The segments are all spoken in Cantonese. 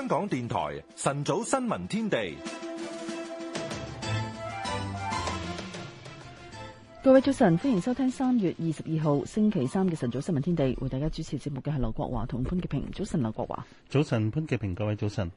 香港電台晨早新聞天地，各位早晨，歡迎收聽三月二十二號星期三嘅晨早新聞天地，為大家主持節目嘅係劉國華同潘潔平。早晨，劉國華。早晨，潘潔平。各位早晨。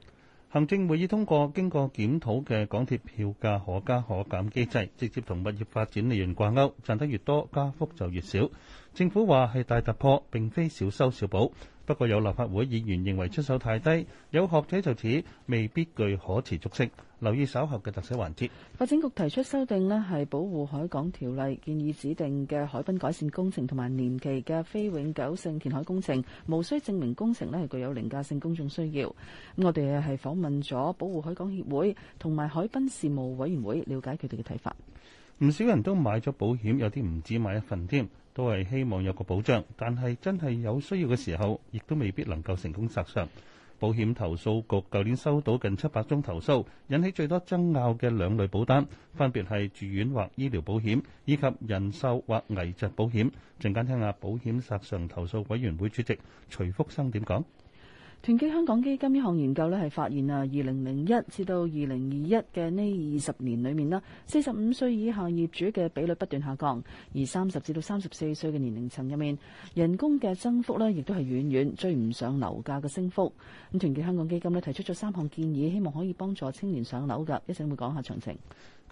行政會議通過經過檢討嘅港鐵票價可加可減機制，直接同物業發展利潤掛鈎，賺得越多，加幅就越少。政府話係大突破，並非小修小補。不過有立法會議員認為出手太低，有學者就指未必具可持續性。留意稍後嘅特色環節。發展局提出修訂咧，係保護海港條例建議指定嘅海濱改善工程同埋年期嘅非永久性填海工程，無需證明工程咧係具有凌駕性公眾需要。咁我哋係訪問咗保護海港協會同埋海濱事務委員會，了解佢哋嘅睇法。唔少人都買咗保險，有啲唔止買一份添。都係希望有個保障，但係真係有需要嘅時候，亦都未必能夠成功索償。保險投訴局舊年收到近七百宗投訴，引起最多爭拗嘅兩類保單，分別係住院或醫療保險，以及人壽或危疾保險。陣間聽下保險索償投訴委員會主席徐福生點講。團結香港基金呢項研究呢，係發現啊，二零零一至到二零二一嘅呢二十年裏面啦，四十五歲以下業主嘅比率不斷下降，而三十至到三十四歲嘅年齡層入面，人工嘅增幅呢，亦都係遠遠追唔上樓價嘅升幅。咁團結香港基金呢，提出咗三項建議，希望可以幫助青年上樓噶，講一陣會講下詳情。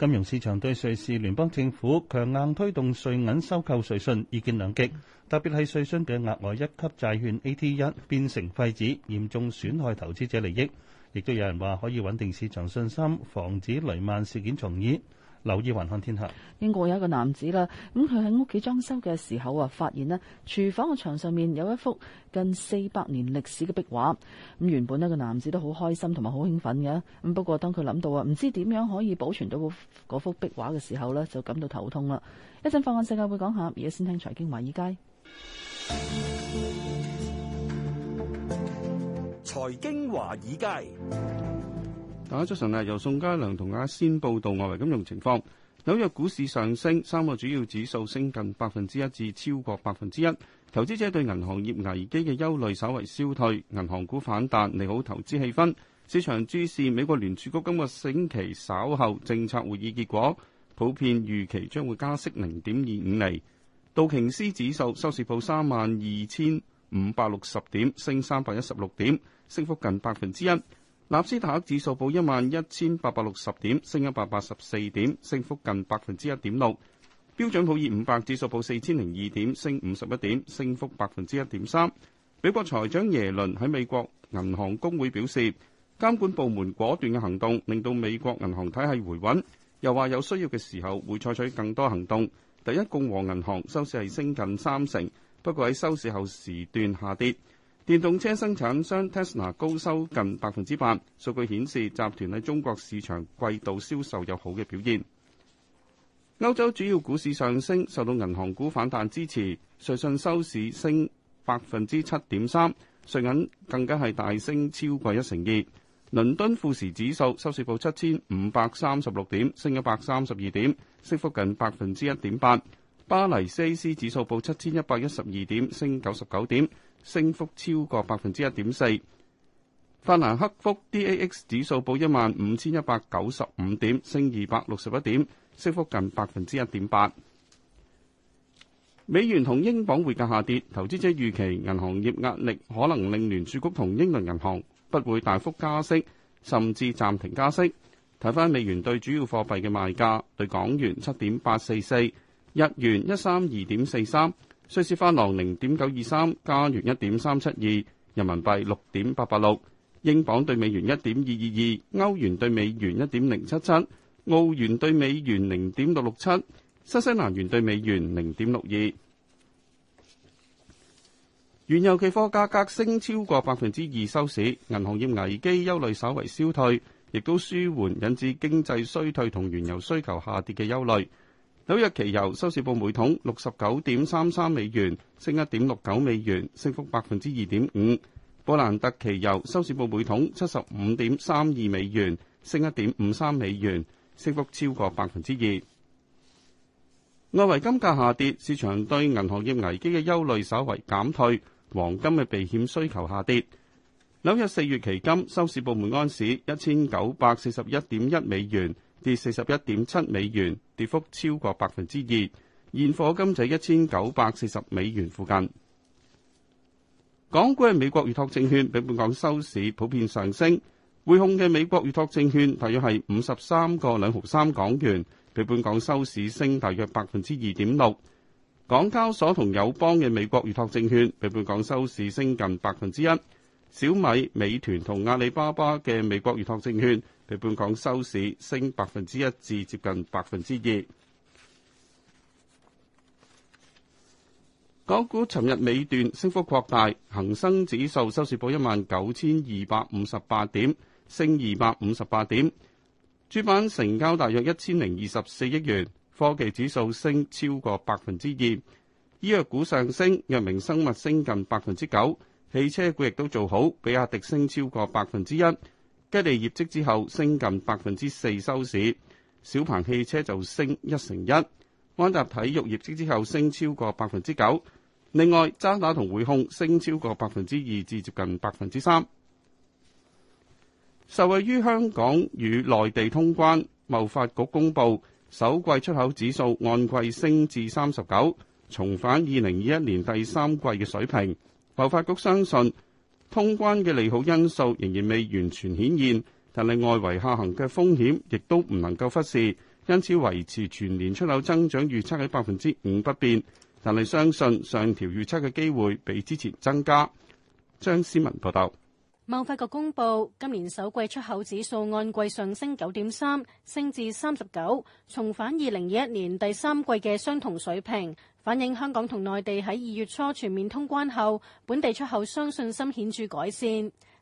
金融市場對瑞士聯邦政府強硬推動瑞銀收購瑞信意見兩極，特別係瑞信嘅額外一級債券 AT1 變成廢紙，嚴重損害投資者利益。亦都有人話可以穩定市場信心，防止雷曼事件重演。留意雲漢天下。英國有一個男子啦，咁佢喺屋企裝修嘅時候啊，發現咧廚房嘅牆上面有一幅近四百年歷史嘅壁畫。咁原本呢個男子都好開心同埋好興奮嘅，咁不過當佢諗到啊，唔知點樣可以保存到嗰幅壁畫嘅時候呢，就感到頭痛啦。一陣放眼世界會講下，而家先聽財經華爾街。財經華爾街。大家早晨啊！由宋家良同阿仙報道外圍金融情況。紐約股市上升，三個主要指數升近百分之一至超過百分之一。投資者對銀行業危機嘅憂慮稍為消退，銀行股反彈利好投資氣氛。市場注視美國聯儲局今個星期稍後政策會議結果，普遍預期將會加息零點二五厘。道瓊斯指數收市報三萬二千五百六十點，升三百一十六點，升幅近百分之一。納斯達克指數報一萬一千八百六十點，升一百八十四點，升幅近百分之一點六。標準普爾五百指數報四千零二點，升五十一點，升幅百分之一點三。財美國財長耶倫喺美國銀行公會表示，監管部門果斷嘅行動令到美國銀行體系回穩，又話有需要嘅時候會採取更多行動。第一共和銀行收市係升近三成，不過喺收市後時段下跌。電動車生產商 Tesla 高收近百分之八，數據顯示集團喺中國市場季度銷售有好嘅表現。歐洲主要股市上升，受到銀行股反彈支持，瑞信收市升百分之七點三，瑞銀更加係大升超過一成二。倫敦富時指數收市報七千五百三十六點,升點，升一百三十二點，升幅近百分之一點八。巴黎 CAC 指數報七千一百一十二點，升九十九點，升幅超過百分之一點四。法蘭克福 DAX 指數報一萬五千一百九十五點，升二百六十一點，升幅近百分之一點八。美元同英鎊匯價下跌，投資者預期銀行業壓力可能令聯儲局同英倫銀行不會大幅加息，甚至暫停加息。睇返美元對主要貨幣嘅賣價，對港元七點八四四。日元一三二點四三，瑞士法郎零點九二三，加元一點三七二，人民幣六點八八六，英鎊兌美元一點二二二，歐元兌美元一點零七七，澳元兌美元零點六六七，新西蘭元兌美元零點六二。原油期貨價格升超過百分之二收市，銀行業危機憂慮稍為消退，亦都舒緩引致經濟衰退同原油需求下跌嘅憂慮。紐約期油收市報每桶六十九點三三美元，升一點六九美元，升幅百分之二點五。布蘭特期油收市報每桶七十五點三二美元，升一點五三美元，升幅超過百分之二。外圍金價下跌，市場對銀行業危機嘅憂慮稍為減退，黃金嘅避險需求下跌。紐約四月期金收市報每安士一千九百四十一點一美元。跌四十一點七美元，跌幅超過百分之二。現貨金就一千九百四十美元附近。港股嘅美國預託證券比本港收市普遍上升。匯控嘅美國預託證券大約係五十三個兩毫三港元，比本港收市升大約百分之二點六。港交所同友邦嘅美國預託證券比本港收市升近百分之一。小米、美團同阿里巴巴嘅美國預託證券。日本港收市升百分之一至接近百分之二，港股尋日尾段升幅擴大，恒生指數收市報一萬九千二百五十八點，升二百五十八點，主板成交大約一千零二十四億元，科技指數升超過百分之二，醫藥股上升，藥明生物升近百分之九，汽車股亦都做好，比亞迪升超過百分之一。吉利業績之後升近百分之四收市，小鵬汽車就升一成一，安踏體育業績之後升超過百分之九。另外，渣打同匯控升超過百分之二至接近百分之三。受惠於香港與內地通關，貿發局公佈首季出口指數按季升至三十九，重返二零二一年第三季嘅水平。貿發局相信，通關嘅利好因素仍然未完全顯現，但係外圍下行嘅風險亦都唔能夠忽視，因此維持全年出口增長預測喺百分之五不變。但係相信上調預測嘅機會比之前增加。張思文報道，貿發局公佈今年首季出口指數按季上升九點三，升至三十九，重返二零二一年第三季嘅相同水平。反映香港同內地喺二月初全面通關後，本地出口商信心顯著改善。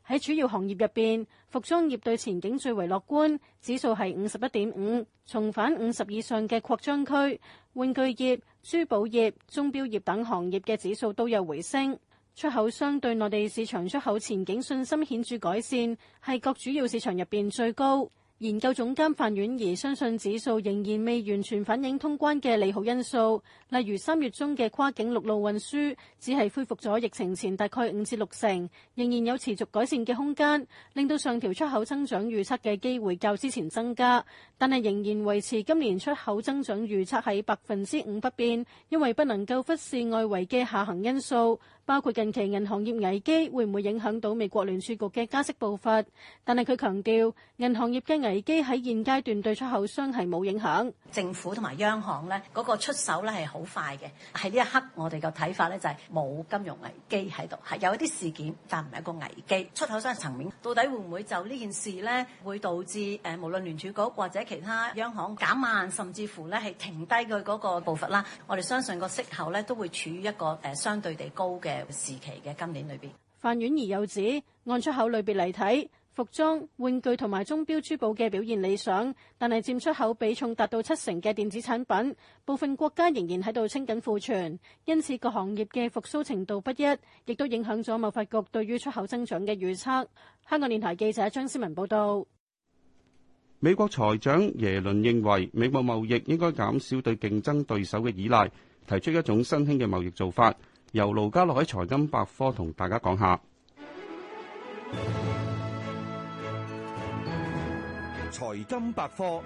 喺主要行業入邊，服裝業對前景最為樂觀，指數係五十一點五，重返五十以上嘅擴張區。玩具業、珠寶業、鐘錶業等行業嘅指數都有回升。出口商對內地市場出口前景信心顯著改善，係各主要市場入邊最高。研究總監范婉儀相信指數仍然未完全反映通關嘅利好因素，例如三月中嘅跨境陸路運輸只係恢復咗疫情前大概五至六成，仍然有持續改善嘅空間，令到上調出口增長預測嘅機會較之前增加。但係仍然維持今年出口增長預測喺百分之五不變，因為不能夠忽視外圍嘅下行因素。包括近期銀行業危機會唔會影響到美國聯儲局嘅加息步伐？但係佢強調銀行業嘅危機喺現階段對出口商係冇影響，政府同埋央行咧個出手咧係好快嘅。喺呢一刻，我哋個睇法咧就係冇金融危機喺度，係有一啲事件，但唔係一個危機。出口商層面到底會唔會就呢件事咧，會導致誒無論聯儲局或者其他央行減慢，甚至乎咧係停低佢嗰個步伐啦？我哋相信個息口咧都會處於一個誒相對地高嘅。時期嘅今年裏邊，范婉兒又指，按出口類別嚟睇，服裝、玩具同埋鐘錶珠寶嘅表現理想，但係佔出口比重達到七成嘅電子產品，部分國家仍然喺度清緊庫存，因此各行業嘅復蘇程度不一，亦都影響咗貿發局對於出口增長嘅預測。香港電台記者張思文報道。美國財長耶倫認為，美國貿易應該減少對競爭對手嘅依賴，提出一種新興嘅貿易做法。由盧家樂喺財金百科同大家講下，財金百科，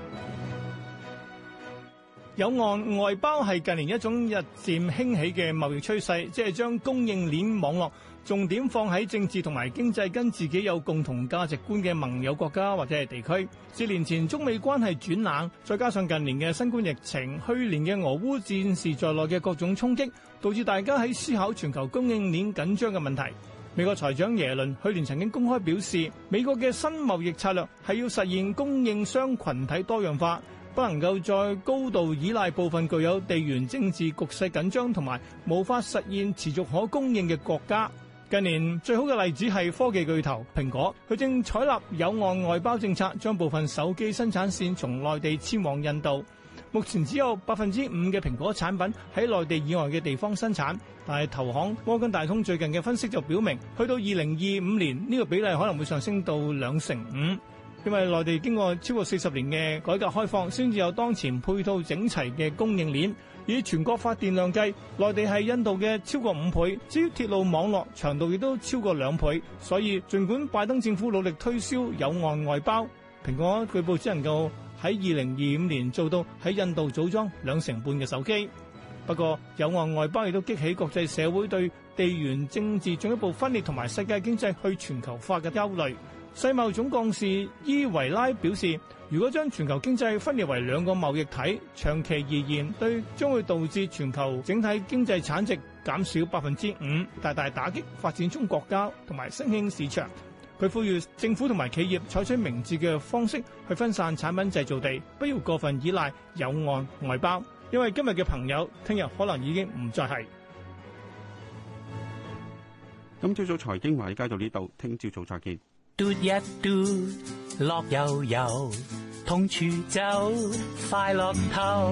友岸外包係近年一種日漸興起嘅貿易趨勢，即係將供應鏈網絡。重點放喺政治同埋經濟跟自己有共同價值觀嘅盟友國家或者係地區。四年前中美關係轉冷，再加上近年嘅新冠疫情、去年嘅俄烏戰事在內嘅各種衝擊，導致大家喺思考全球供應鏈緊張嘅問題。美國財長耶倫去年曾經公開表示，美國嘅新貿易策略係要實現供應商群體多樣化，不能夠再高度依賴部分具有地緣政治局勢緊張同埋無法實現持續可供應嘅國家。近年最好嘅例子係科技巨頭蘋果，佢正採納友岸外包政策，將部分手機生產線從內地遷往印度。目前只有百分之五嘅蘋果產品喺內地以外嘅地方生產，但係投行摩根大通最近嘅分析就表明，去到二零二五年呢個比例可能會上升到兩成五，因為內地經過超過四十年嘅改革開放，先至有當前配套整齊嘅供應鏈。以全國發電量計，內地係印度嘅超過五倍；至於鐵路網絡長度，亦都超過兩倍。所以，儘管拜登政府努力推銷友岸外包，蘋果據報只能夠喺二零二五年做到喺印度組裝兩成半嘅手機。不過，友岸外包亦都激起國際社會對地緣政治進一步分裂同埋世界經濟去全球化嘅憂慮。世貿總幹事伊維拉表示。如果將全球經濟分裂為兩個貿易體，長期而言，對將會導致全球整體經濟產值減少百分之五，大大打擊發展中國家同埋新興市場。佢呼籲政府同埋企業採取明智嘅方式去分散產品製造地，不要過分依賴有案外包，因為今日嘅朋友，聽日可能已經唔再係。今朝早財經話事街到呢度，聽朝早再見。Do, do, do. 樂悠悠，痛處走快樂透。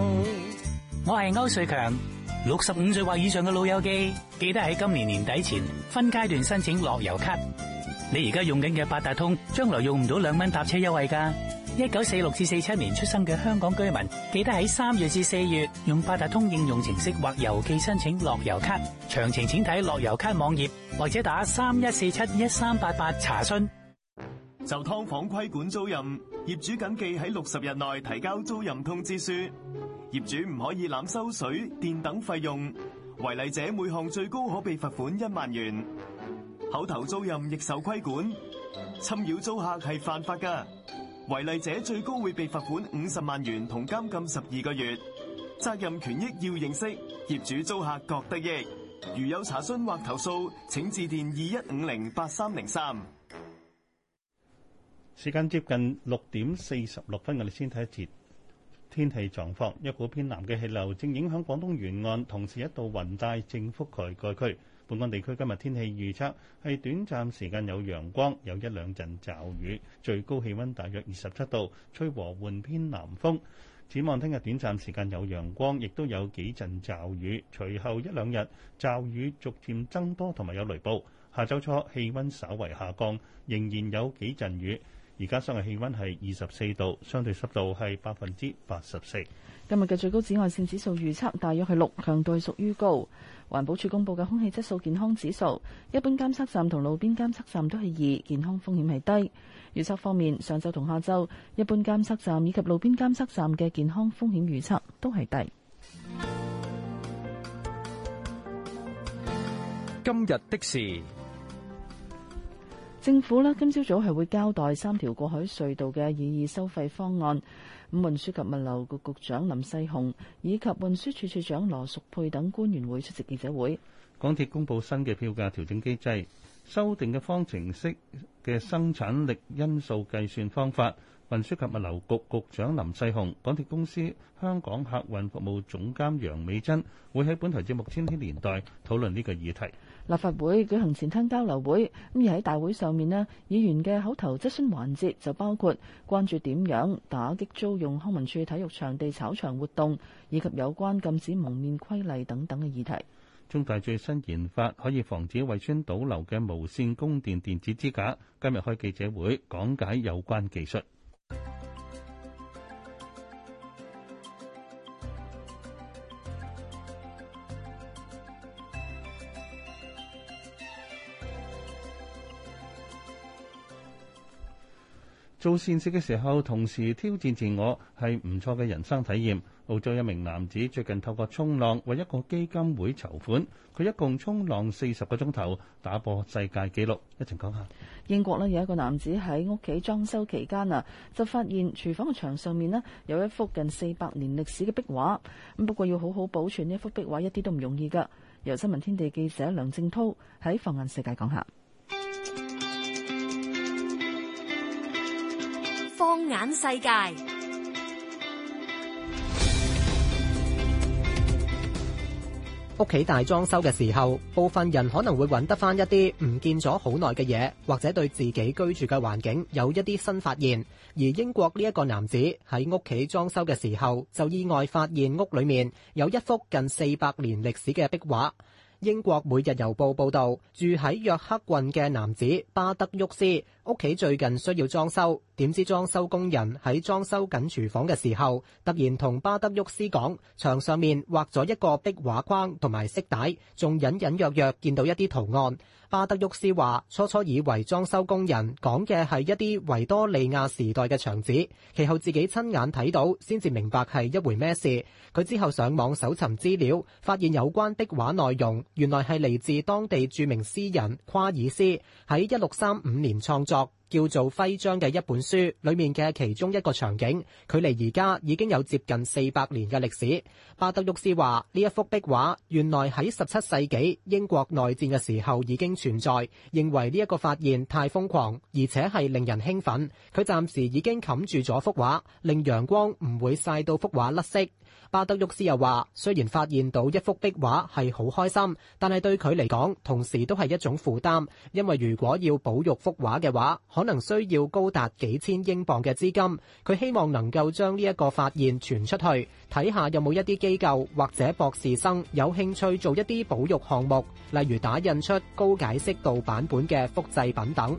我係歐瑞強，六十五歲或以上嘅老友記，記得喺今年年底前分階段申請樂游卡。你而家用緊嘅八達通，將來用唔到兩蚊搭車優惠噶。一九四六至四七年出生嘅香港居民，記得喺三月至四月用八達通應用程式或郵寄申請樂游卡。詳情請睇樂游卡網頁或者打三一四七一三八八查詢。就劏房規管租賃，業主謹記喺六十日內提交租賃通知書。業主唔可以濫收水電等費用，違例者每項最高可被罰款一萬元。口頭租賃亦受規管，侵擾租客係犯法噶，違例者最高會被罰款五十萬元同監禁十二個月。責任權益要認識，業主租客各得益。如有查詢或投訴，請致電二一五零八三零三。時間接近六點四十六分，我哋先睇一節天氣狀況。一股偏南嘅氣流正影響廣東沿岸，同時一道雲帶正覆蓋該區。本港地區今日天氣預測係短暫時間有陽光，有一兩陣驟雨，最高氣温大約二十七度，吹和緩偏南風。展望聽日短暫時間有陽光，亦都有幾陣驟雨，隨後一兩日驟雨逐漸增多，同埋有雷暴。下週初氣温稍為下降，仍然有幾陣雨。而家室外氣溫係二十四度，相對濕度係百分之八十四。今日嘅最高紫外線指數預測大約係六，強度係屬於高。環保署公布嘅空氣質素健康指數，一般監測站同路邊監測站都係二，健康風險係低。預測方面，上晝同下晝一般監測站以及路邊監測站嘅健康風險預測都係低。今日的事。政府咧，今朝早係會交代三條過海隧道嘅意義收費方案。咁運輸及物流局局長林世雄以及運輸處處長羅淑佩等官員會出席記者會。港鐵公布新嘅票價調整機制，修訂嘅方程式嘅生產力因素計算方法。運輸及物流局局長林世雄、港鐵公司香港客運服務總監楊美珍會喺本台節目《千禧年代》討論呢個議題。立法會舉行前廳交流會，咁而喺大會上面呢議員嘅口頭質詢環節就包括關注點樣打擊租用康文署體育場地炒場活動，以及有關禁止蒙面規例等等嘅議題。中大最新研發可以防止胃酸倒流嘅無線供電電子支架，今日開記者會講解有關技術。做善事嘅時候，同時挑戰自我係唔錯嘅人生體驗。澳洲一名男子最近透過衝浪為一個基金會籌款，佢一共衝浪四十個鐘頭，打破世界紀錄。一陣講下。英國呢有一個男子喺屋企裝修期間啊，就發現廚房嘅牆上面呢有一幅近四百年歷史嘅壁畫。咁不過要好好保存呢一幅壁畫一啲都唔容易㗎。由新聞天地記者梁正濤喺放眼世界講下。放眼世界，屋企大裝修嘅時候，部分人可能會揾得返一啲唔見咗好耐嘅嘢，或者對自己居住嘅環境有一啲新發現。而英國呢一個男子喺屋企裝修嘅時候，就意外發現屋裏面有一幅近四百年歷史嘅壁畫。英國每日郵報報道，住喺約克郡嘅男子巴德沃斯。屋企最近需要裝修，點知裝修工人喺裝修緊廚房嘅時候，突然同巴德沃斯講，牆上面畫咗一個壁畫框同埋色帶，仲隱隱約約見到一啲圖案。巴德沃斯話初初以為裝修工人講嘅係一啲維多利亞時代嘅牆紙，其後自己親眼睇到，先至明白係一回咩事。佢之後上網搜尋資料，發現有關壁畫內容，原來係嚟自當地著名詩人夸爾斯喺一六三五年創作。叫做徽章嘅一本書，裏面嘅其中一個場景，距離而家已經有接近四百年嘅歷史。巴特沃斯話：呢一幅壁畫原來喺十七世紀英國內戰嘅時候已經存在，認為呢一個發現太瘋狂，而且係令人興奮。佢暫時已經冚住咗幅畫，令陽光唔會曬到幅畫甩色。巴德沃斯又話，雖然發現到一幅壁畫係好開心，但係對佢嚟講同時都係一種負擔，因為如果要保育幅畫嘅話，可能需要高達幾千英鎊嘅資金。佢希望能夠將呢一個發現傳出去，睇下有冇一啲機構或者博士生有興趣做一啲保育項目，例如打印出高解析度版本嘅複製品等。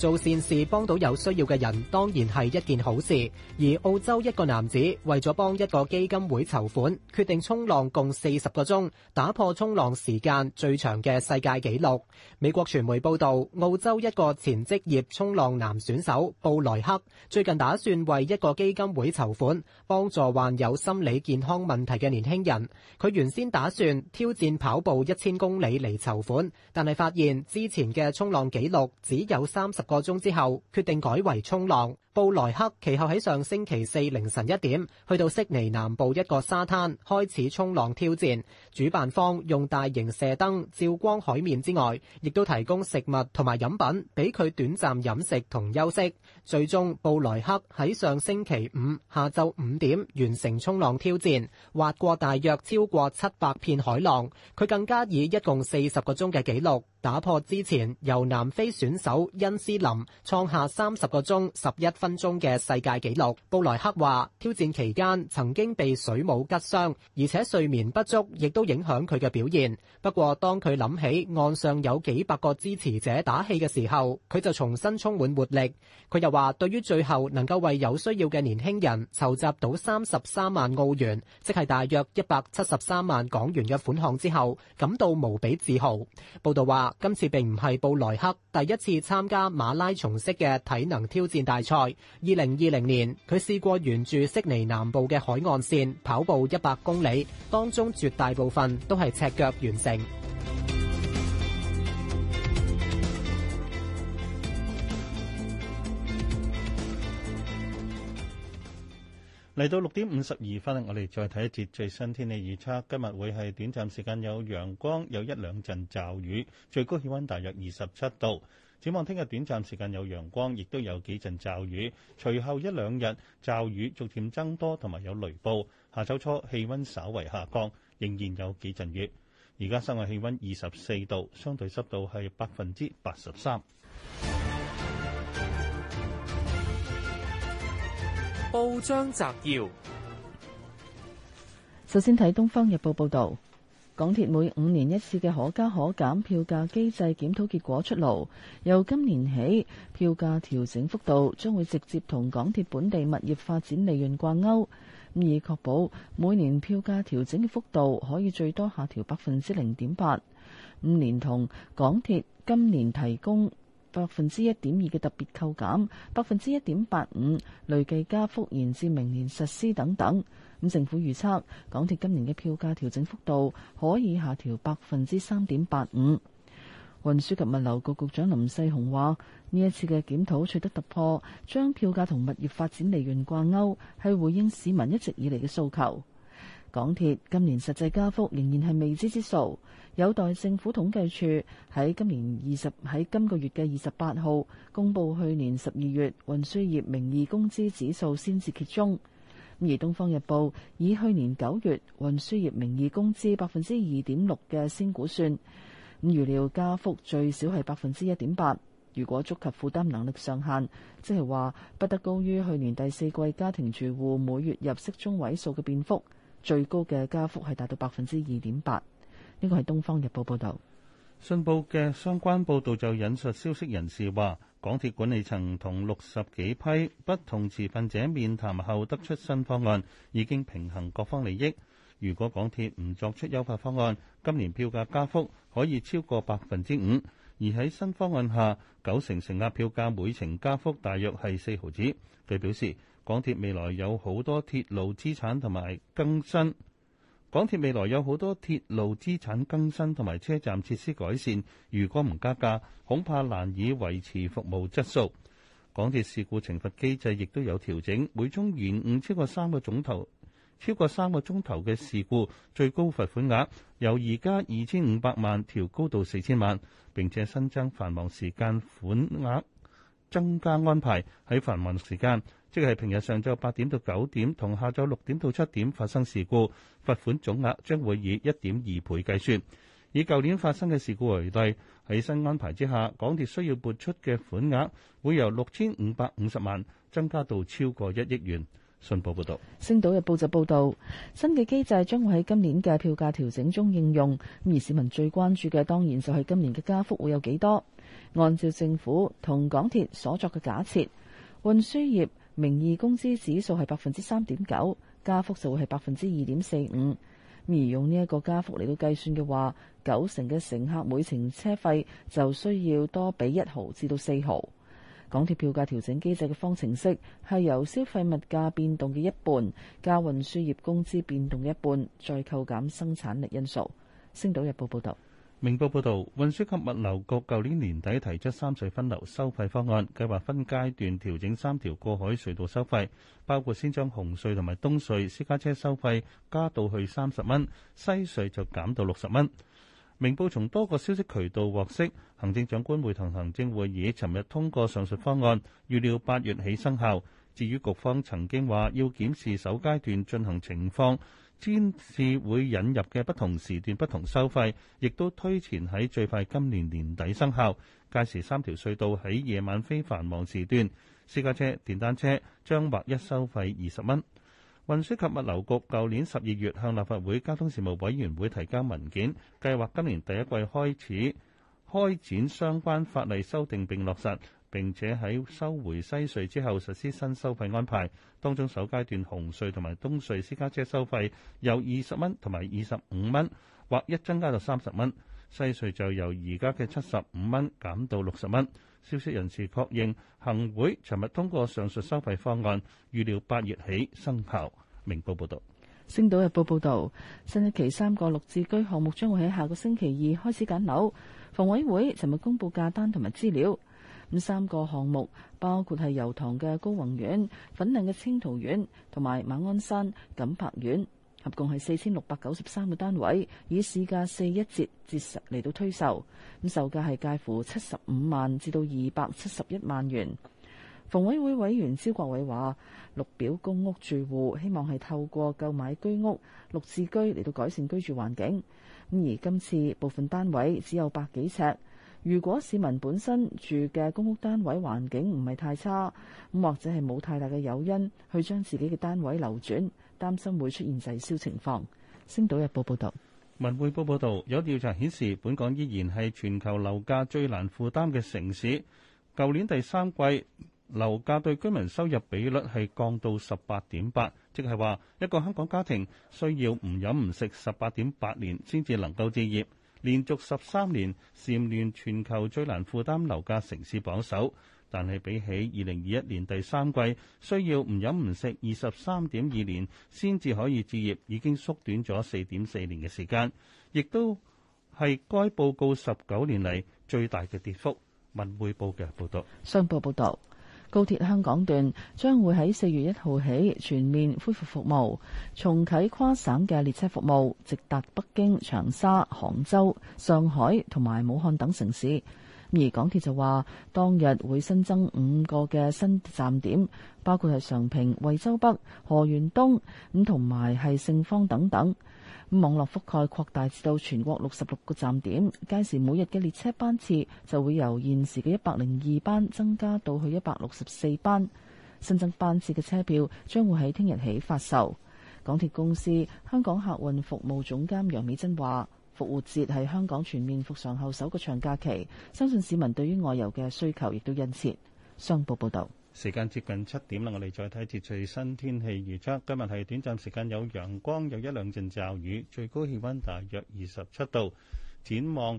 做善事幫到有需要嘅人，當然係一件好事。而澳洲一個男子為咗幫一個基金會籌款，決定衝浪共四十個鐘，打破衝浪時間最長嘅世界紀錄。美國傳媒報道，澳洲一個前職業衝浪男選手布萊克最近打算為一個基金會籌款，幫助患有心理健康問題嘅年輕人。佢原先打算挑戰跑步一千公里嚟籌款，但係發現之前嘅衝浪紀錄只有三十。個鐘之後，決定改為衝浪。布萊克其後喺上星期四凌晨一點去到悉尼南部一個沙灘開始衝浪挑戰，主辦方用大型射燈照光海面之外，亦都提供食物同埋飲品俾佢短暫飲食同休息。最終布萊克喺上星期五下晝五點完成衝浪挑戰，劃過大約超過七百片海浪。佢更加以一共四十個鐘嘅紀錄打破之前由南非選手恩斯林創下三十個鐘十一分鐘嘅世界紀錄。布萊克話：挑戰期間曾經被水母拮傷，而且睡眠不足，亦都影響佢嘅表現。不過當佢諗起岸上有幾百個支持者打氣嘅時候，佢就重新充滿活力。佢又話：對於最後能夠為有需要嘅年輕人籌集到三十三萬澳元，即係大約一百七十三萬港元嘅款項之後，感到無比自豪。報道話：今次並唔係布萊克第一次參加馬拉松式嘅體能挑戰大賽。二零二零年，佢試過沿住悉尼南部嘅海岸線跑步一百公里，當中絕大部分都係赤腳完成。嚟到六點五十二分，我哋再睇一節最新天氣預測。今日會係短暫時間有陽光，有一兩陣驟雨，最高氣溫大約二十七度。展望聽日短暫時間有陽光，亦都有幾陣驟雨，隨後一兩日驟雨逐漸增多，同埋有雷暴。下周初氣温稍為下降，仍然有幾陣雨。而家室外氣温二十四度，相對濕度係百分之八十三。報章摘要：首先睇《東方日報》報道。港鐵每五年一次嘅可加可減票價機制檢討結果出爐，由今年起，票價調整幅度將會直接同港鐵本地物業發展利潤掛鈎，以確保每年票價調整嘅幅度可以最多下調百分之零點八。五年同港鐵今年提供百分之一點二嘅特別扣減，百分之一點八五累計加幅延至明年實施等等。咁政府預測港鐵今年嘅票價調整幅度可以下調百分之三點八五。運輸及物流局局長林世雄話，呢一次嘅檢討取得突破，將票價同物業發展利潤掛鈎，係回應市民一直以嚟嘅訴求。港鐵今年實際加幅仍然係未知之數，有待政府統計處喺今年二十喺今個月嘅二十八號公布去年十二月運輸業名義工資指數先至揭盅。而《東方日報》以去年九月運輸業名義工資百分之二點六嘅先估算，咁預料加幅最少係百分之一點八。如果觸及負擔能力上限，即係話不得高於去年第四季家庭住戶每月入息中位數嘅變幅，最高嘅加幅係達到百分之二點八。呢個係《東方日報》報導。信報嘅相關報導就引述消息人士話。港鐵管理層同六十幾批不同持份者面談後，得出新方案，已經平衡各方利益。如果港鐵唔作出優化方案，今年票價加幅可以超過百分之五，而喺新方案下，九成乘客票價每程加幅大約係四毫子。佢表示，港鐵未來有好多鐵路資產同埋更新。港鐵未來有好多鐵路資產更新同埋車站設施改善，如果唔加價，恐怕難以維持服務質素。港鐵事故懲罰機制亦都有調整，每宗延誤超過三個鐘頭，超過三個鐘頭嘅事故，最高罰款額由而家二千五百萬調高到四千萬，並且新增繁忙時間款額增加安排喺繁忙時間。即係平日上晝八點到九點同下晝六點到七點發生事故，罰款總額將會以一點二倍計算。以舊年發生嘅事故為例，喺新安排之下，港鐵需要撥出嘅款額會由六千五百五十萬增加到超過一億元。信報報道，《星島日報》就報導新嘅機制將會喺今年嘅票價調整中應用。而市民最關注嘅當然就係今年嘅加幅會有幾多？按照政府同港鐵所作嘅假設，運輸業。名義工資指數係百分之三點九，加幅就會係百分之二點四五。而用呢一個加幅嚟到計算嘅話，九成嘅乘客每程車費就需要多俾一毫至到四毫。港鐵票價調整機制嘅方程式係由消費物價變動嘅一半，加運輸業工資變動嘅一半，再扣減生產力因素。星島日報報道。明報報導，運輸及物流局舊年年底提出三隧分流收費方案，計劃分階段調整三條過海隧道收費，包括先將紅隧同埋東隧私家車收費加到去三十蚊，西隧就減到六十蚊。明報從多個消息渠道獲悉，行政長官會同行政會議尋日通過上述方案，預料八月起生效。至於局方曾經話要檢視首階段進行情況，先至會引入嘅不同時段不同收費，亦都推前喺最快今年年底生效。屆時，三條隧道喺夜晚非繁忙時段，私家車、電單車將劃一收費二十蚊。運輸及物流局舊年十二月向立法會交通事務委員會提交文件，計劃今年第一季開始開展相關法例修訂並落實。並且喺收回西隧之後實施新收費安排，當中首階段紅隧同埋東隧私家車收費由二十蚊同埋二十五蚊，劃一增加到三十蚊。西隧就由而家嘅七十五蚊減到六十蚊。消息人士確認，行會尋日通過上述收費方案，預料八月起生效。明報報導，《星島日報》報道：「新一期三個綠置居項目將會喺下個星期二開始揀樓，房委會尋日公布價單同埋資料。咁三個項目包括係油塘嘅高宏苑、粉嶺嘅清濤苑同埋馬鞍山錦柏苑，合共係四千六百九十三個單位，以市價四一折折實嚟到推售，咁售價係介乎七十五萬至到二百七十一萬元。房委會委員招國偉話，綠表公屋住戶希望係透過購買居屋、綠置居嚟到改善居住環境，咁而今次部分單位只有百幾尺。如果市民本身住嘅公屋單位環境唔係太差，咁或者係冇太大嘅誘因去將自己嘅單位流轉，擔心會出現滯銷情況。星島日報報道，文匯報報道，有調查顯示，本港依然係全球樓價最難負擔嘅城市。舊年第三季樓價對居民收入比率係降到十八點八，即係話一個香港家庭需要唔飲唔食十八點八年先至能夠置業。連續十三年蟬聯全球最難負擔樓價城市榜首，但係比起二零二一年第三季需要唔飲唔食二十三點二年先至可以置業，已經縮短咗四點四年嘅時間，亦都係該報告十九年嚟最大嘅跌幅。文匯報嘅報道，商報報道。高鐵香港段將會喺四月一號起全面恢復服務，重啟跨省嘅列車服務，直達北京、長沙、杭州、上海同埋武漢等城市。而港鐵就話，當日會新增五個嘅新站點，包括係常平、惠州北、河源東咁同埋係盛芳等等。網絡覆蓋擴大至到全國六十六個站點，屆時每日嘅列車班次就會由現時嘅一百零二班增加到去一百六十四班。新增班次嘅車票將會喺聽日起發售。港鐵公司香港客運服務總監楊美珍話：復活節係香港全面復常後首個長假期，相信市民對於外遊嘅需求亦都殷切。商報報道。時間接近七點啦，我哋再睇截最新天氣預測。今日係短暫時間有陽光，有一兩陣驟雨，最高氣溫大約二十七度。展望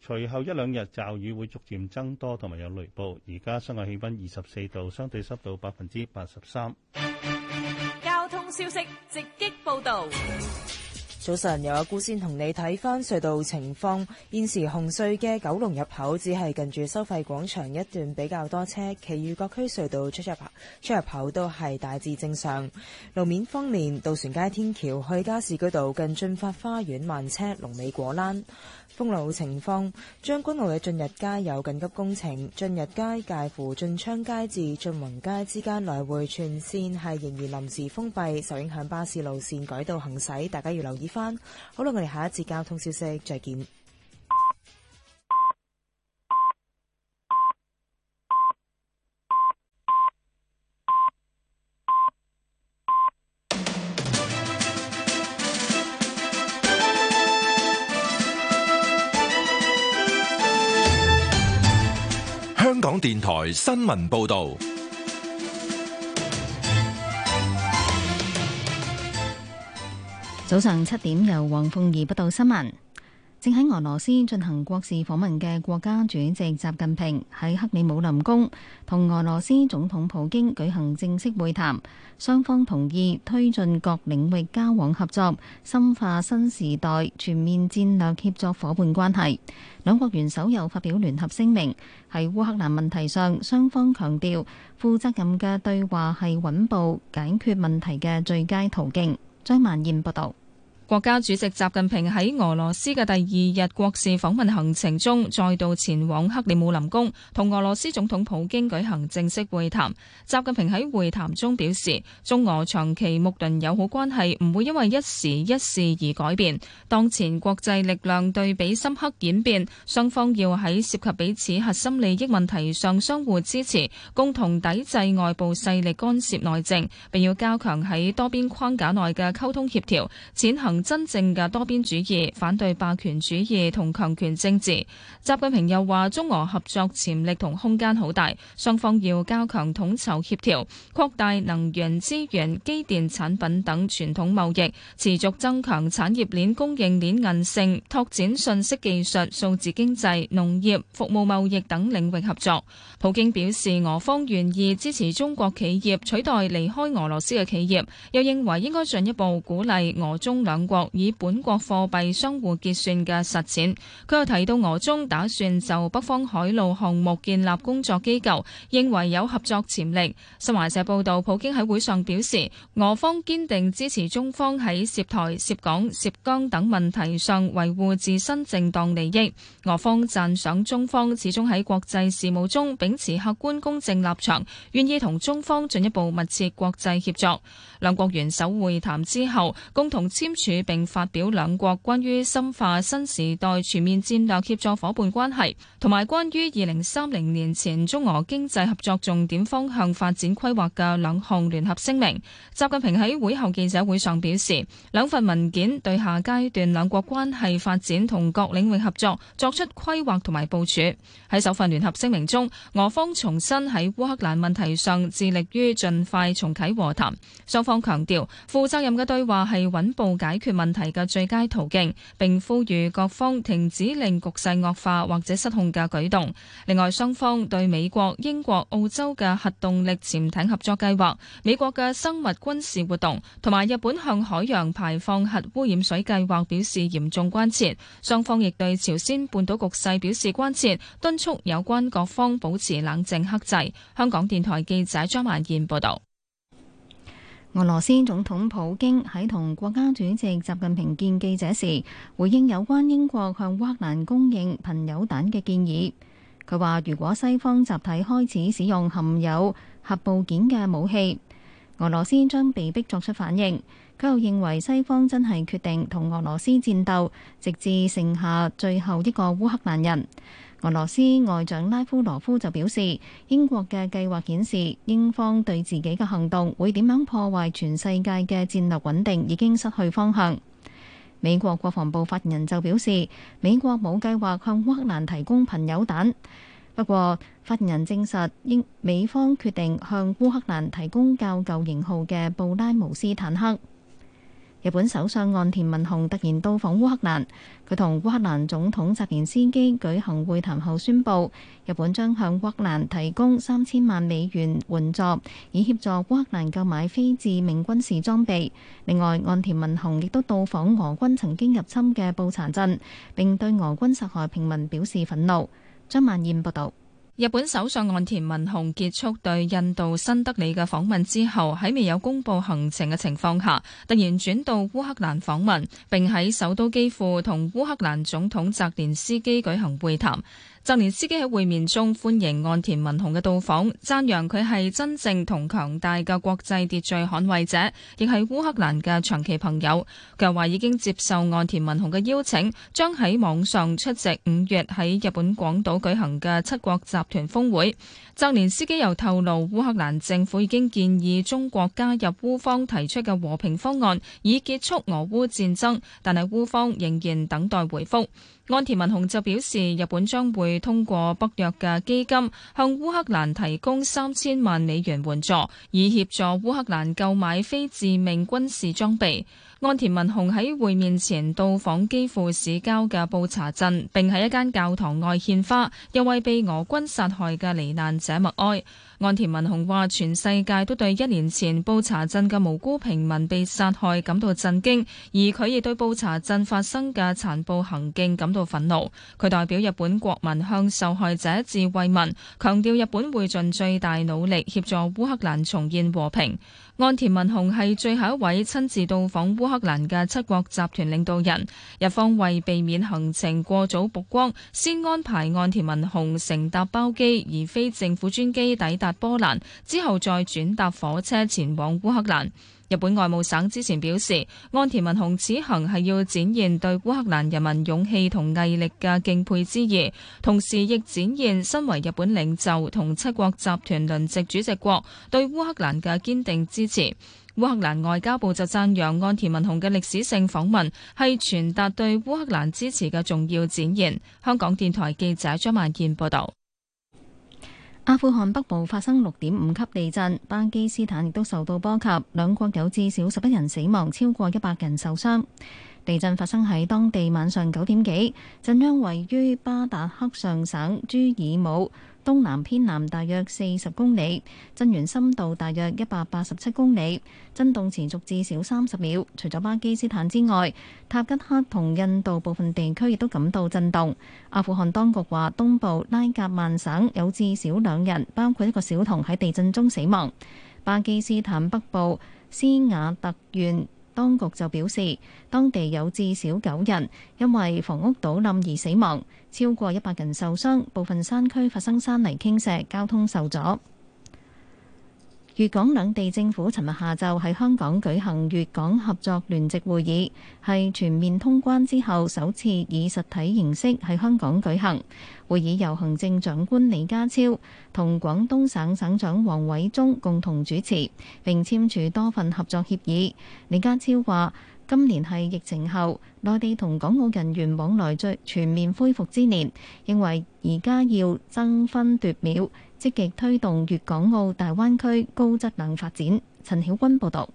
隨後一兩日驟雨會逐漸增多，同埋有雷暴。而家室外氣溫二十四度，相對濕度百分之八十三。交通消息直擊報導。早晨，由阿姑先同你睇翻隧道情況。現時紅隧嘅九龍入口只係近住收費廣場一段比較多車，其餘各區隧道出入口出入口都係大致正常。路面方面，渡船街天橋去加士居道近進發花園慢車龍尾果欄。封路情況，將軍澳嘅駿日街有緊急工程，駿日街介乎駿昌街至駿宏街之間來回全綫係仍然臨時封閉，受影響巴士路綫改道行駛，大家要留意翻。好啦，我哋下一節交通消息再見。香港電台新聞報道。早上七點，由黃鳳儀報道新聞。正喺俄羅斯進行國事訪問嘅國家主席習近平喺克里姆林宮同俄羅斯總統普京舉行正式會談，雙方同意推進各領域交往合作，深化新時代全面戰略協作夥伴關係。兩國元首又發表聯合聲明，喺烏克蘭問題上，雙方強調負責任嘅對話係穩步解決問題嘅最佳途徑。張萬燕報道。國家主席習近平喺俄羅斯嘅第二日國事訪問行程中，再度前往克里姆林宮，同俄羅斯總統普京舉行正式會談。習近平喺會談中表示，中俄長期睦鄰友好關係唔會因為一時一事而改變。當前國際力量對比深刻演變，雙方要喺涉及彼此核心利益問題上相互支持，共同抵制外部勢力干涉內政，並要加強喺多邊框架內嘅溝通協調，踐行。真正嘅多邊主義，反對霸權主義同強權政治。習近平又話中俄合作潛力同空間好大，雙方要加強統籌協調，擴大能源資源、機電產品等傳統貿易，持續增強產業鏈、供應鏈韌性，拓展信息技術、數字經濟、農業、服務貿易等領域合作。普京表示俄方願意支持中國企業取代離開俄羅斯嘅企業，又認為應該進一步鼓勵俄中兩國。國以本國貨幣相互結算嘅實踐。佢又提到，俄中打算就北方海路項目建立工作機構，認為有合作潛力。新華社報道，普京喺會上表示，俄方堅定支持中方喺涉台、涉港、涉疆等問題上維護自身正當利益。俄方讚賞中方始終喺國際事務中秉持客觀公正立場，願意同中方進一步密切國際協作。兩國元首會談之後，共同簽署並發表兩國關於深化新時代全面戰略協作夥伴關係，同埋關於二零三零年前中俄經濟合作重點方向發展規劃嘅兩項聯合聲明。習近平喺會後記者會上表示，兩份文件對下階段兩國關係發展同各領域合作作出規劃同埋部署。喺首份聯合聲明中，俄方重申喺烏克蘭問題上致力於盡快重啟和談，雙方。方強調，負責任嘅對話係穩步解決問題嘅最佳途徑，並呼籲各方停止令局勢惡化或者失控嘅舉動。另外，雙方對美國、英國、澳洲嘅核動力潛艇合作計劃、美國嘅生物軍事活動同埋日本向海洋排放核污染水計劃表示嚴重關切。雙方亦對朝鮮半島局勢表示關切，敦促有關各方保持冷靜克制。香港電台記者張萬健報道。俄羅斯總統普京喺同國家主席習近平見記者時，回應有關英國向烏克蘭供應“貧鈾彈”嘅建議。佢話：如果西方集體開始使用含有核部件嘅武器，俄羅斯將被迫作出反應。佢又認為西方真係決定同俄羅斯戰鬥，直至剩下最後一個烏克蘭人。俄羅斯外長拉夫羅夫就表示，英國嘅計劃顯示，英方對自己嘅行動會點樣破壞全世界嘅戰略穩定，已經失去方向。美國國防部發言人就表示，美國冇計劃向烏克蘭提供“朋友彈”，不過發言人證實，英美方決定向烏克蘭提供較舊型號嘅布拉姆斯坦克。日本首相岸田文雄突然到訪烏克蘭，佢同烏克蘭總統澤連斯基舉行會談後宣布，日本將向烏克蘭提供三千萬美元援助，以協助烏克蘭購買非致命軍事裝備，另外，岸田文雄亦都到訪俄軍曾經入侵嘅布查鎮，並對俄軍殺害平民表示憤怒。張萬燕報道。日本首相岸田文雄結束對印度新德里嘅訪問之後，喺未有公佈行程嘅情況下，突然轉到烏克蘭訪問，並喺首都基輔同烏克蘭總統澤連斯基舉行會談。澤連斯基喺會面中歡迎岸田文雄嘅到訪，讚揚佢係真正同強大嘅國際秩序捍衛者，亦係烏克蘭嘅長期朋友。佢又話已經接受岸田文雄嘅邀請，將喺網上出席五月喺日本廣島舉行嘅七國集團峰會。澤連斯基又透露，烏克蘭政府已經建議中國加入烏方提出嘅和平方案，以結束俄烏戰爭，但係烏方仍然等待回覆岸田文雄就表示，日本將會通過北約嘅基金向烏克蘭提供三千萬美元援助，以協助烏克蘭購買非致命軍事裝備。岸田文雄喺會面前到訪基輔市郊嘅布查鎮，並喺一間教堂外獻花，又為被俄軍殺害嘅罹難者默哀。岸田文雄話：全世界都對一年前布查鎮嘅無辜平民被殺害感到震驚，而佢亦對布查鎮發生嘅殘暴行徑感到憤怒。佢代表日本國民向受害者致慰問，強調日本會盡最大努力協助烏克蘭重現和平。岸田文雄係最後一位親自到訪烏克蘭嘅七國集團領導人。日方為避免行程過早曝光，先安排岸田文雄乘搭包機，而非政府專機，抵達波蘭，之後再轉搭火車前往烏克蘭。日本外務省之前表示，岸田文雄此行係要展現對烏克蘭人民勇氣同毅力嘅敬佩之意，同時亦展現身為日本領袖同七國集團輪值主席國對烏克蘭嘅堅定支持。烏克蘭外交部就讚揚岸田文雄嘅歷史性訪問，係傳達對烏克蘭支持嘅重要展現。香港電台記者張萬健報道。阿富汗北部發生六點五級地震，巴基斯坦亦都受到波及，兩國有至少十一人死亡，超過一百人受傷。地震發生喺當地晚上九點幾，震央位於巴達克尚省朱爾姆東南偏南大約四十公里，震源深度大約一百八十七公里，震動持續至少三十秒。除咗巴基斯坦之外，塔吉克同印度部分地區亦都感到震動。阿富汗當局話，東部拉格曼省有至少兩人，包括一個小童喺地震中死亡。巴基斯坦北部斯瓦特縣。當局就表示，當地有至少九人因為房屋倒冧而死亡，超過一百人受傷，部分山區發生山泥傾瀉，交通受阻。粵港兩地政府尋日下晝喺香港舉行粵港合作聯席會議，係全面通關之後首次以實體形式喺香港舉行。會議由行政長官李家超同廣東省省，省長王偉中共同主持，並簽署多份合作協議。李家超話：今年係疫情後內地同港澳人員往來最全面恢復之年，認為而家要爭分奪秒。積極推動粵港澳大灣區高質量發展。陳曉君報道。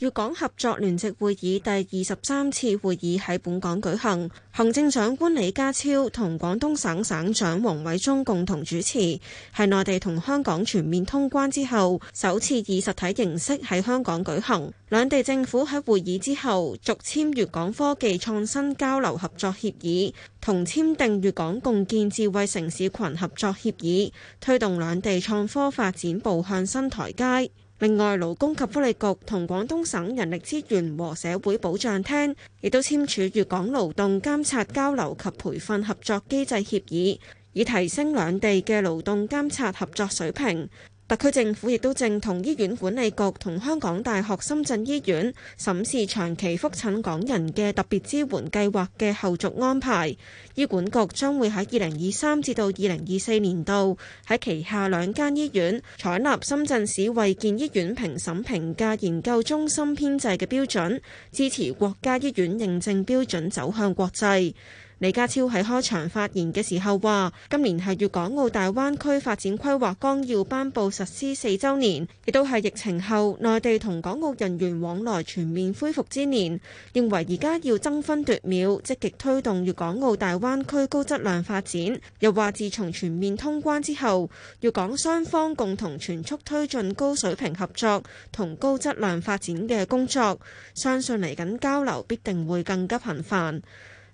粵港合作聯席會議第二十三次會議喺本港舉行，行政長官李家超同廣東省省長王偉中共同主持，係內地同香港全面通關之後首次以實體形式喺香港舉行。兩地政府喺會議之後續簽粵港科技創新交流合作協議，同簽訂粵港共建智慧城市群合作協議，推動兩地創科發展步向新台階。另外，勞工及福利局同廣東省人力資源和社會保障廳亦都簽署粵港勞動監察交流及培訓合作機制協議，以提升兩地嘅勞動監察合作水平。特區政府亦都正同醫院管理局同香港大學深圳醫院審視長期覆診港人嘅特別支援計劃嘅後續安排。醫管局將會喺二零二三至到二零二四年度喺旗下兩間醫院採納深圳市衞健醫院評審評價研究中心編制嘅標準，支持國家醫院認證標準走向國際。李家超喺開場發言嘅時候話：今年係粵港澳大灣區發展規劃綱要頒布實施四週年，亦都係疫情後內地同港澳人員往來全面恢復之年。認為而家要爭分奪秒，積極推動粵港澳大灣區高質量發展。又話：自從全面通關之後，粵港雙方共同全速推進高水平合作同高質量發展嘅工作，相信嚟緊交流必定會更加頻繁。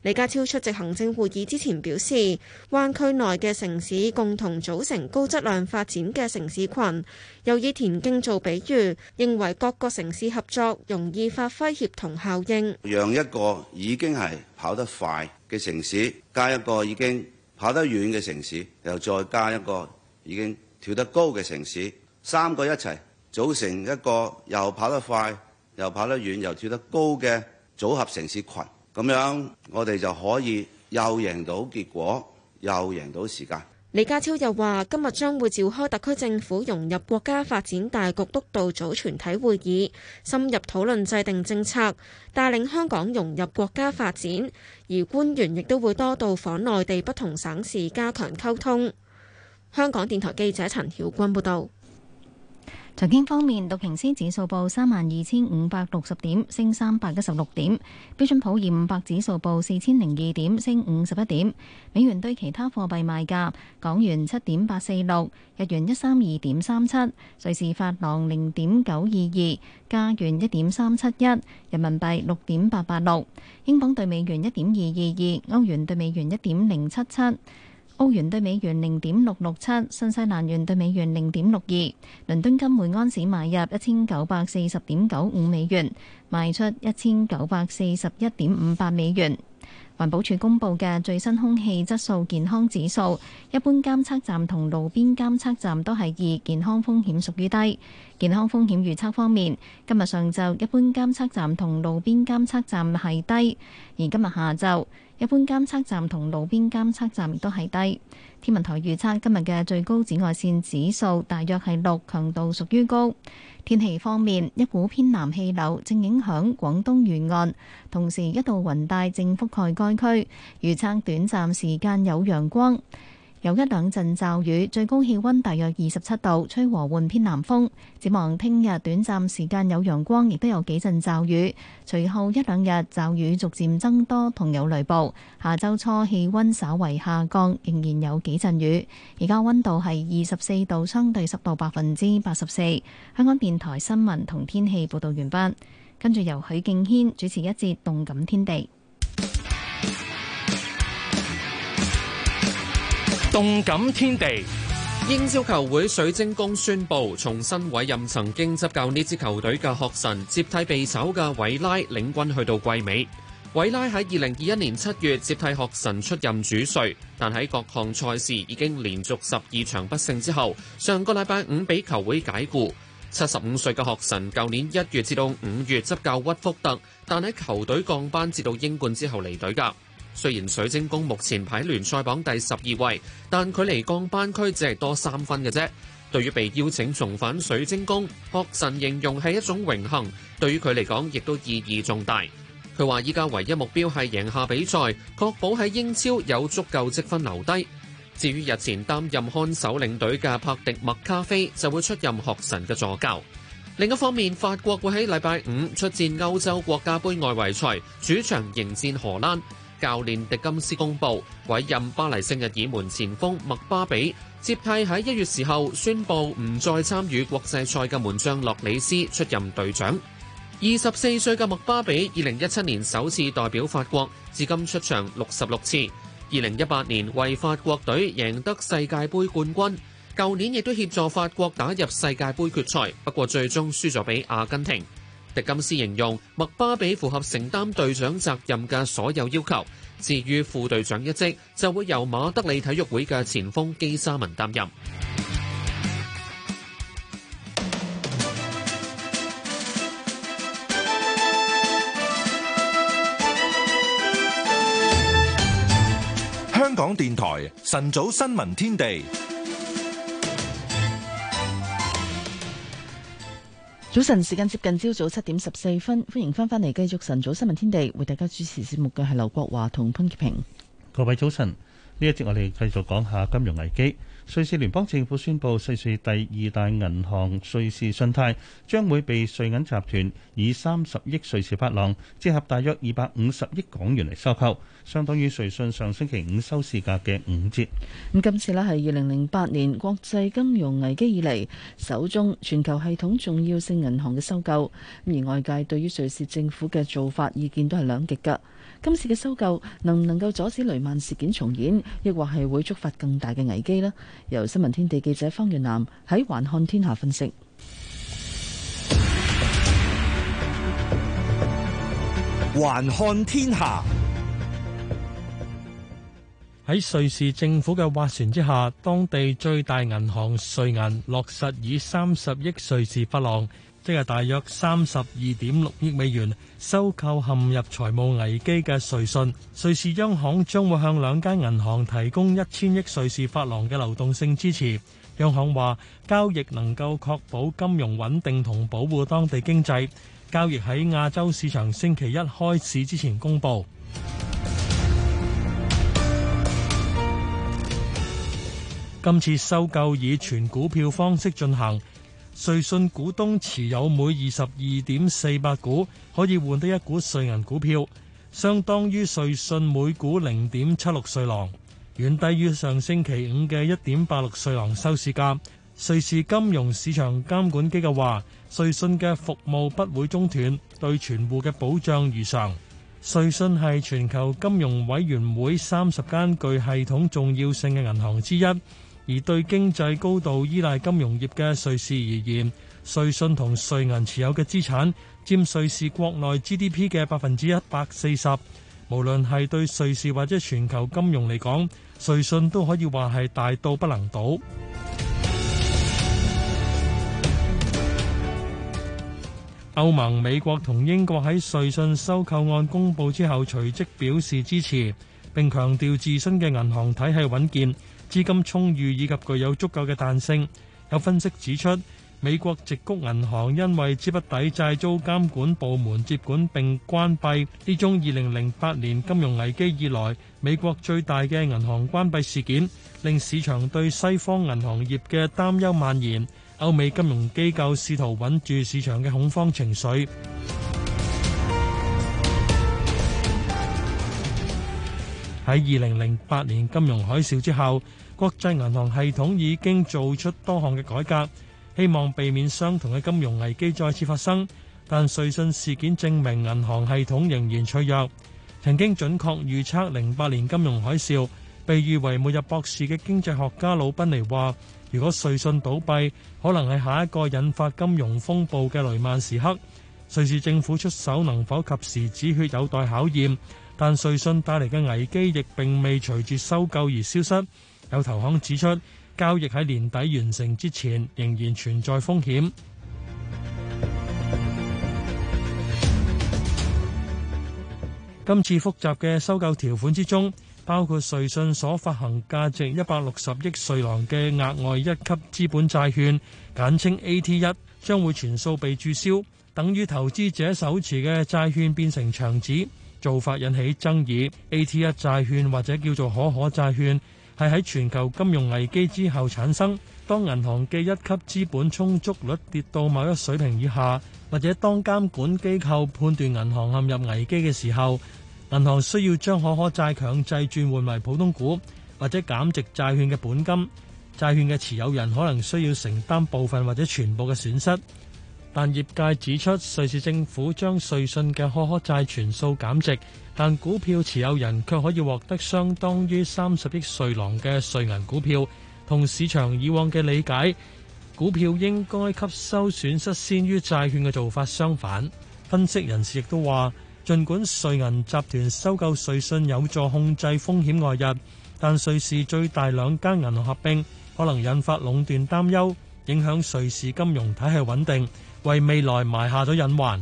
李家超出席行政會議之前表示，灣區內嘅城市共同組成高質量發展嘅城市群。又以田徑做比喻，認為各個城市合作容易發揮協同效應，讓一個已經係跑得快嘅城市，加一個已經跑得遠嘅城市，又再加一個已經跳得高嘅城市，三個一齊組成一個又跑得快又跑得遠又跳得高嘅組合城市群。咁樣，我哋就可以又贏到結果，又贏到時間。李家超又話：今日將會召開特區政府融入國家發展大局督導組全體會議，深入討論制定政策，帶領香港融入國家發展。而官員亦都會多到訪內地不同省市，加強溝通。香港電台記者陳曉君報道。財經方面，道瓊斯指數報三萬二千五百六十點，升三百一十六點；標準普爾五百指數報四千零二點，升五十一點。美元對其他貨幣賣價：港元七點八四六，日元一三二點三七，瑞士法郎零點九二二，加元一點三七一，人民幣六點八八六，英鎊對美元一點二二二，歐元對美元一點零七七。歐元對美元零點六六七，新西蘭元對美元零點六二，倫敦金每安士買入一千九百四十點九五美元，賣出一千九百四十一點五八美元。環保署公佈嘅最新空氣質素健康指數，一般監測站同路邊監測站都係二，健康風險屬於低。健康風險預測方面，今日上晝一般監測站同路邊監測站係低，而今日下晝。一般監測站同路邊監測站亦都係低。天文台預測今日嘅最高紫外線指數大約係六，強度屬於高。天氣方面，一股偏南氣流正影響廣東沿岸，同時一道雲帶正覆蓋該區，預測短暫時間有陽光，有一兩陣驟雨，最高氣温大約二十七度，吹和緩偏南風。展望聽日短暫時間有陽光，亦都有幾陣驟雨，隨後一兩日驟雨逐漸增多同有雷暴。下週初氣温稍為下降，仍然有幾陣雨。而家温度係二十四度，相對濕度百分之八十四。香港電台新聞同天氣報道完畢，跟住由許敬軒主持一節動感天地。動感天地，英超球會水晶宮宣布重新委任曾經執教呢支球隊嘅學神接替被炒嘅韋拉領軍去到季尾。韋拉喺二零二一年七月接替學神出任主帥，但喺各項賽事已經連續十二場不勝之後，上個禮拜五俾球會解雇。七十五歲嘅學神舊年一月至到五月執教屈福特，但喺球隊降班至到英冠之後離隊噶。雖然水晶宮目前排聯賽榜第十二位，但距離降班區只係多三分嘅啫。對於被邀請重返水晶宮，霍神形容係一種榮幸。對於佢嚟講，亦都意義重大。佢話依家唯一目標係贏下比賽，確保喺英超有足夠積分留低。至於日前擔任看守領隊嘅帕迪麥卡菲，就會出任霍神嘅助教。另一方面，法國會喺禮拜五出戰歐洲國家杯外圍賽，主場迎戰荷蘭。教練迪金斯公布委任巴黎聖日耳門前鋒麥巴比接替喺一月時候宣布唔再參與國際賽嘅門將洛里斯出任隊長。二十四歲嘅麥巴比二零一七年首次代表法國，至今出場六十六次。二零一八年為法國隊贏得世界杯冠軍，舊年亦都協助法國打入世界杯決賽，不過最終輸咗俾阿根廷。迪金斯形容麥巴比符合承擔隊長責任嘅所有要求，至於副隊長一職就會由馬德里體育會嘅前鋒基沙文擔任。香港電台晨早新聞天地。早晨，時間接近朝早七點十四分，歡迎翻返嚟繼續晨早新聞天地，為大家主持節目嘅係劉國華同潘潔平。各位早晨，呢一節我哋繼續講下金融危機。瑞士聯邦政府宣布，瑞士第二大銀行瑞士信貸將會被瑞銀集團以三十億瑞士法郎，折合大約二百五十億港元嚟收購，相當於瑞信上星期五收市價嘅五折。咁今次呢係二零零八年國際金融危機以嚟首宗全球系統重要性銀行嘅收購。而外界對於瑞士政府嘅做法，意見都係兩極嘅。今次嘅收購能唔能夠阻止雷曼事件重演，亦或係會觸發更大嘅危機呢？由新聞天地記者方月南喺環看天下分析。環看天下。喺瑞士政府嘅斡旋之下，當地最大銀行瑞銀落實以三十億瑞士法郎。即係大約三十二點六億美元，收購陷入財務危機嘅瑞信，瑞士央行將會向兩間銀行提供一千億瑞士法郎嘅流動性支持。央行話，交易能夠確保金融穩定同保護當地經濟。交易喺亞洲市場星期一開始之前公佈。今次收購以全股票方式進行。瑞信股東持有每二十二點四八股，可以換得一股瑞銀股票，相當於瑞信每股零點七六瑞郎，遠低於上星期五嘅一點八六瑞郎收市價。瑞士金融市場監管機構話，瑞信嘅服務不會中斷，對存戶嘅保障如常。瑞信係全球金融委員會三十間具系統重要性嘅銀行之一。而對經濟高度依賴金融業嘅瑞士而言，瑞信同瑞銀持有嘅資產佔瑞士國內 GDP 嘅百分之一百四十。無論係對瑞士或者全球金融嚟講，瑞信都可以話係大到不能倒。 歐盟、美國同英國喺瑞信收購案公佈之後，隨即表示支持，並強調自身嘅銀行體系穩健。資金充裕以及具有足夠嘅彈性。有分析指出，美國矽谷銀行因為資不抵債遭監管部門接管並關閉，呢宗二零零八年金融危機以來美國最大嘅銀行關閉事件，令市場對西方銀行業嘅擔憂蔓延。歐美金融機構試圖穩住市場嘅恐慌情緒。喺二零零八年金融海嘯之後，國際銀行系統已經做出多項嘅改革，希望避免相同嘅金融危機再次發生。但瑞信事件證明銀行系統仍然脆弱。曾經準確預測零八年金融海嘯被譽為末日博士嘅經濟學家魯賓尼話，如果瑞信倒閉，可能係下一個引發金融風暴嘅雷曼時刻。瑞士政府出手能否及時止血，有待考驗。但瑞信帶嚟嘅危機亦並未隨住收購而消失。有投行指出，交易喺年底完成之前仍然存在風險。 今次複雜嘅收購條款之中，包括瑞信所發行價值一百六十億瑞郎嘅額外一級資本債券，簡稱 A T 一，將會全數被注銷，等於投資者手持嘅債券變成牆紙。做法引起爭議 a t 一債券或者叫做可可債券係喺全球金融危機之後產生。當銀行嘅一級資本充足率跌到某一水平以下，或者當監管機構判斷銀行陷入危機嘅時候，銀行需要將可可債強制轉換為普通股，或者減值債券嘅本金。債券嘅持有人可能需要承擔部分或者全部嘅損失。但業界指出，瑞士政府將瑞信嘅可可債全數減值，但股票持有人卻可以獲得相當於三十億瑞郎嘅瑞銀股票，同市場以往嘅理解，股票應該吸收損失先於債券嘅做法相反。分析人士亦都話，盡管瑞銀集團收購瑞信有助控制風險外溢，但瑞士最大兩間銀行合併可能引發壟斷擔憂，影響瑞士金融體系穩定。為未來埋下咗隱患。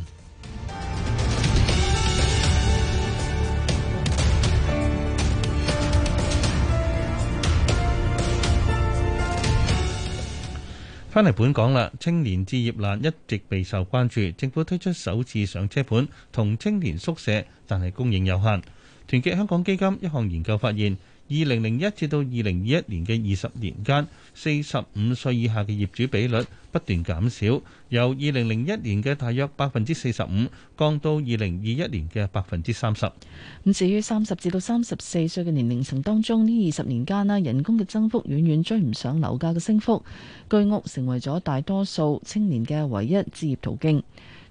返嚟本港啦，青年置業難一直備受關注，政府推出首次上車盤同青年宿舍，但係供應有限。團結香港基金一項研究發現。二零零一至到二零二一年嘅二十年間，四十五歲以下嘅業主比率不斷減少，由二零零一年嘅大約百分之四十五降到二零二一年嘅百分之三十。咁至於三十至到三十四歲嘅年齡層當中，呢二十年間啦，人工嘅增幅遠遠追唔上樓價嘅升幅，居屋成為咗大多數青年嘅唯一置業途徑。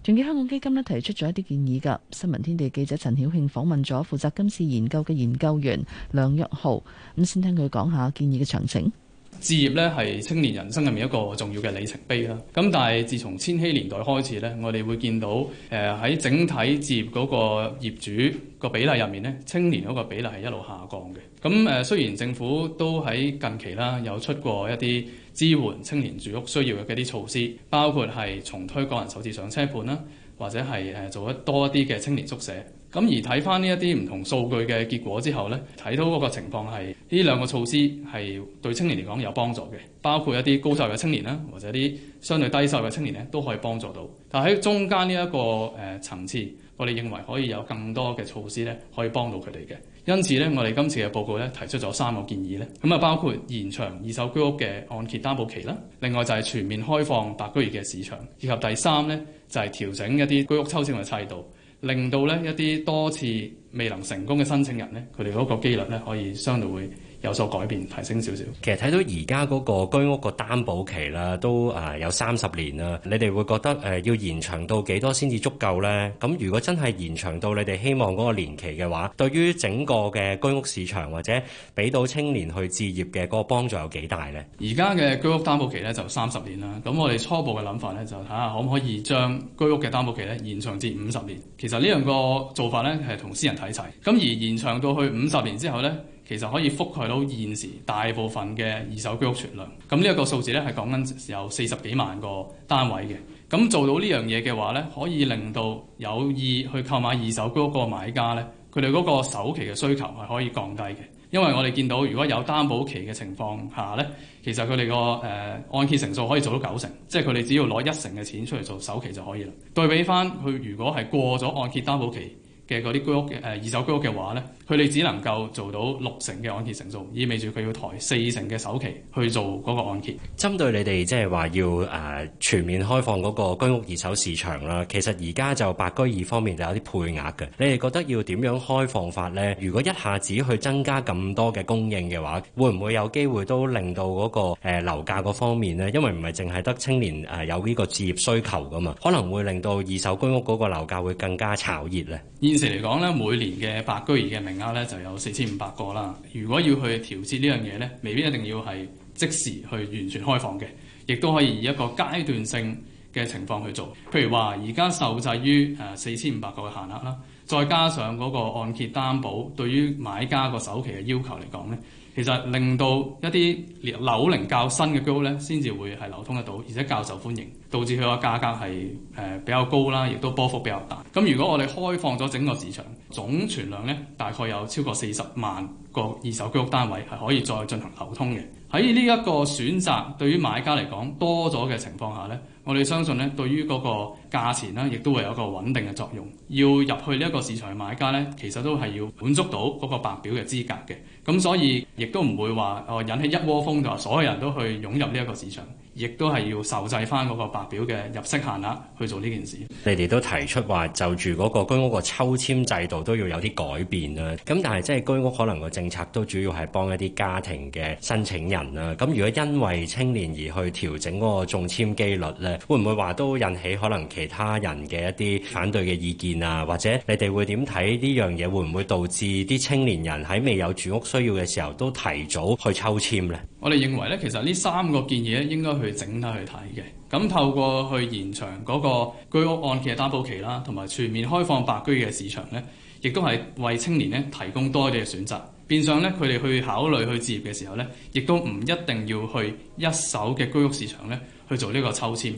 近期香港基金咧提出咗一啲建議㗎。新聞天地記者陳曉慶訪問咗負責今次研究嘅研究員梁若浩，咁先聽佢講下建議嘅詳情。置業咧係青年人生入面一個重要嘅里程碑啦。咁但係自從千禧年代開始咧，我哋會見到誒喺整體置業嗰個業主個比例入面咧，青年嗰個比例係一路下降嘅。咁誒雖然政府都喺近期啦有出過一啲支援青年住屋需要嘅一啲措施，包括係重推個人首次上車盤啦，或者係誒做多一啲嘅青年宿舍。咁而睇翻呢一啲唔同數據嘅結果之後呢，睇到嗰個情況係呢兩個措施係對青年嚟講有幫助嘅，包括一啲高收入嘅青年啦，或者啲相對低收入嘅青年呢都可以幫助到。但喺中間呢一個誒層次，我哋認為可以有更多嘅措施呢可以幫到佢哋嘅。因此呢，我哋今次嘅報告呢提出咗三個建議呢，咁啊包括延長二手居屋嘅按揭擔保期啦，另外就係全面開放白居二嘅市場，以及第三呢就係、是、調整一啲居屋抽籤嘅制度。令到咧一啲多次未能成功嘅申請人咧，佢哋嗰個機率咧可以相對會有所改變，提升少少。其實睇到而家嗰個居屋個擔保期啦，都誒有三十年啦。你哋會覺得誒要延長到幾多先至足夠呢？咁如果真係延長到你哋希望嗰個年期嘅話，對於整個嘅居屋市場或者俾到青年去置業嘅嗰個幫助有幾大呢？而家嘅居屋擔保期咧，就三十年啦。咁我哋初步嘅諗法咧，就睇下可唔可以將居屋嘅擔保期咧延長至五十年。其實呢樣個做法咧，係同私人睇齊。咁而延長到去五十年之後咧。其實可以覆蓋到現時大部分嘅二手居屋存量，咁呢一個數字咧係講緊有四十幾萬個單位嘅。咁做到呢樣嘢嘅話咧，可以令到有意去購買二手居屋個買家咧，佢哋嗰個首期嘅需求係可以降低嘅。因為我哋見到如果有擔保期嘅情況下咧，其實佢哋個誒按揭成數可以做到九成，即係佢哋只要攞一成嘅錢出嚟做首期就可以啦。對比翻佢如果係過咗按揭擔保期嘅嗰啲居屋嘅誒二手居屋嘅話咧，佢哋只能夠做到六成嘅按揭成數，意味住佢要抬四成嘅首期去做嗰個按揭。針對你哋即係話要誒、呃、全面開放嗰個居屋二手市場啦，其實而家就白居二方面就有啲配額嘅。你哋覺得要點樣開放法咧？如果一下子去增加咁多嘅供應嘅話，會唔會有機會都令到嗰、嗰個誒樓價嗰方面咧？因為唔係淨係得青年誒、呃、有呢個置業需求噶嘛，可能會令到二手居屋嗰個樓價會更加炒熱咧。現時嚟講咧，每年嘅白居二嘅名額咧就有四千五百個啦。如果要去調節呢樣嘢咧，未必一定要係即時去完全開放嘅，亦都可以以一個階段性嘅情況去做。譬如話，而家受制於誒四千五百個嘅限額啦，再加上嗰個按揭擔保對於買家個首期嘅要求嚟講咧。其實令到一啲樓齡較新嘅居屋咧，先至會係流通得到，而且較受歡迎，導致佢個價格係誒、呃、比較高啦，亦都波幅比較大。咁如果我哋開放咗整個市場，總存量咧大概有超過四十萬個二手居屋單位係可以再進行流通嘅。喺呢一個選擇對於買家嚟講多咗嘅情況下咧，我哋相信咧對於嗰個價錢啦，亦都會有一個穩定嘅作用。要入去呢一個市場買家咧，其實都係要滿足到嗰個白表嘅資格嘅。咁所以亦都唔會話引起一窩蜂，就話所有人都去湧入呢一個市場。亦都係要受制翻嗰個白表嘅入息限額去做呢件事。你哋都提出話就住嗰個居屋個抽籤制度都要有啲改變啦。咁但係即係居屋可能個政策都主要係幫一啲家庭嘅申請人啦。咁如果因為青年而去調整嗰個中籤機率呢，會唔會話都引起可能其他人嘅一啲反對嘅意見啊？或者你哋會點睇，呢樣嘢會唔會導致啲青年人喺未有住屋需要嘅時候都提早去抽籤呢？我哋認為咧，其實呢三個建議咧應該去整體去睇嘅，咁透過去延長嗰個居屋按揭嘅擔保期啦，同埋全面開放白居嘅市場呢，亦都係為青年呢提供多啲嘅選擇，變相呢，佢哋去考慮去置業嘅時候呢，亦都唔一定要去一手嘅居屋市場呢去做呢個抽籤。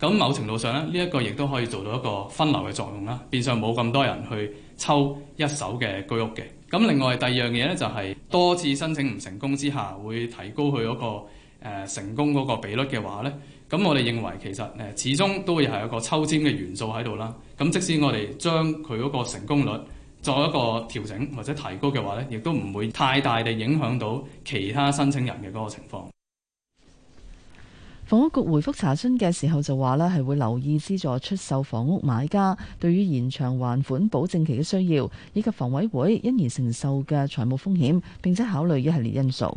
咁某程度上呢，呢一個亦都可以做到一個分流嘅作用啦，變相冇咁多人去抽一手嘅居屋嘅。咁另外第二樣嘢呢，就係多次申請唔成功之下，會提高佢嗰個。誒成功嗰個比率嘅話呢，咁我哋認為其實誒始終都會係一個抽籤嘅元素喺度啦。咁即使我哋將佢嗰個成功率作一個調整或者提高嘅話呢，亦都唔會太大地影響到其他申請人嘅嗰個情況。房屋局回覆查詢嘅時候就話呢，係會留意資助出售房屋買家對於延長還款保證期嘅需要，以及房委會因而承受嘅財務風險，並且考慮一系列因素。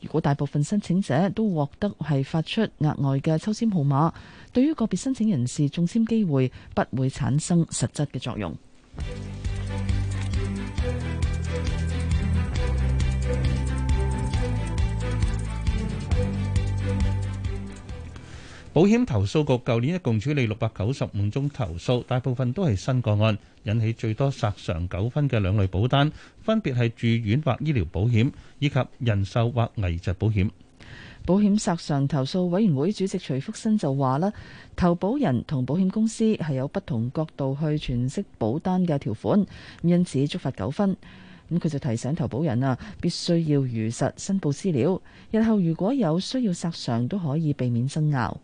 如果大部分申請者都獲得係發出額外嘅抽籤號碼，對於個別申請人士中籤機會不會產生實質嘅作用。保險投訴局舊年一共處理六百九十五宗投訴，大部分都係新個案，引起最多索償糾紛嘅兩類保單分別係住院或醫療保險以及人壽或危疾保險。保險索償投訴委員會主席徐福新就話啦，投保人同保險公司係有不同角度去詮釋保單嘅條款，因此觸發糾紛。咁佢就提醒投保人啊，必須要如實申報資料，日後如果有需要索償，都可以避免爭拗。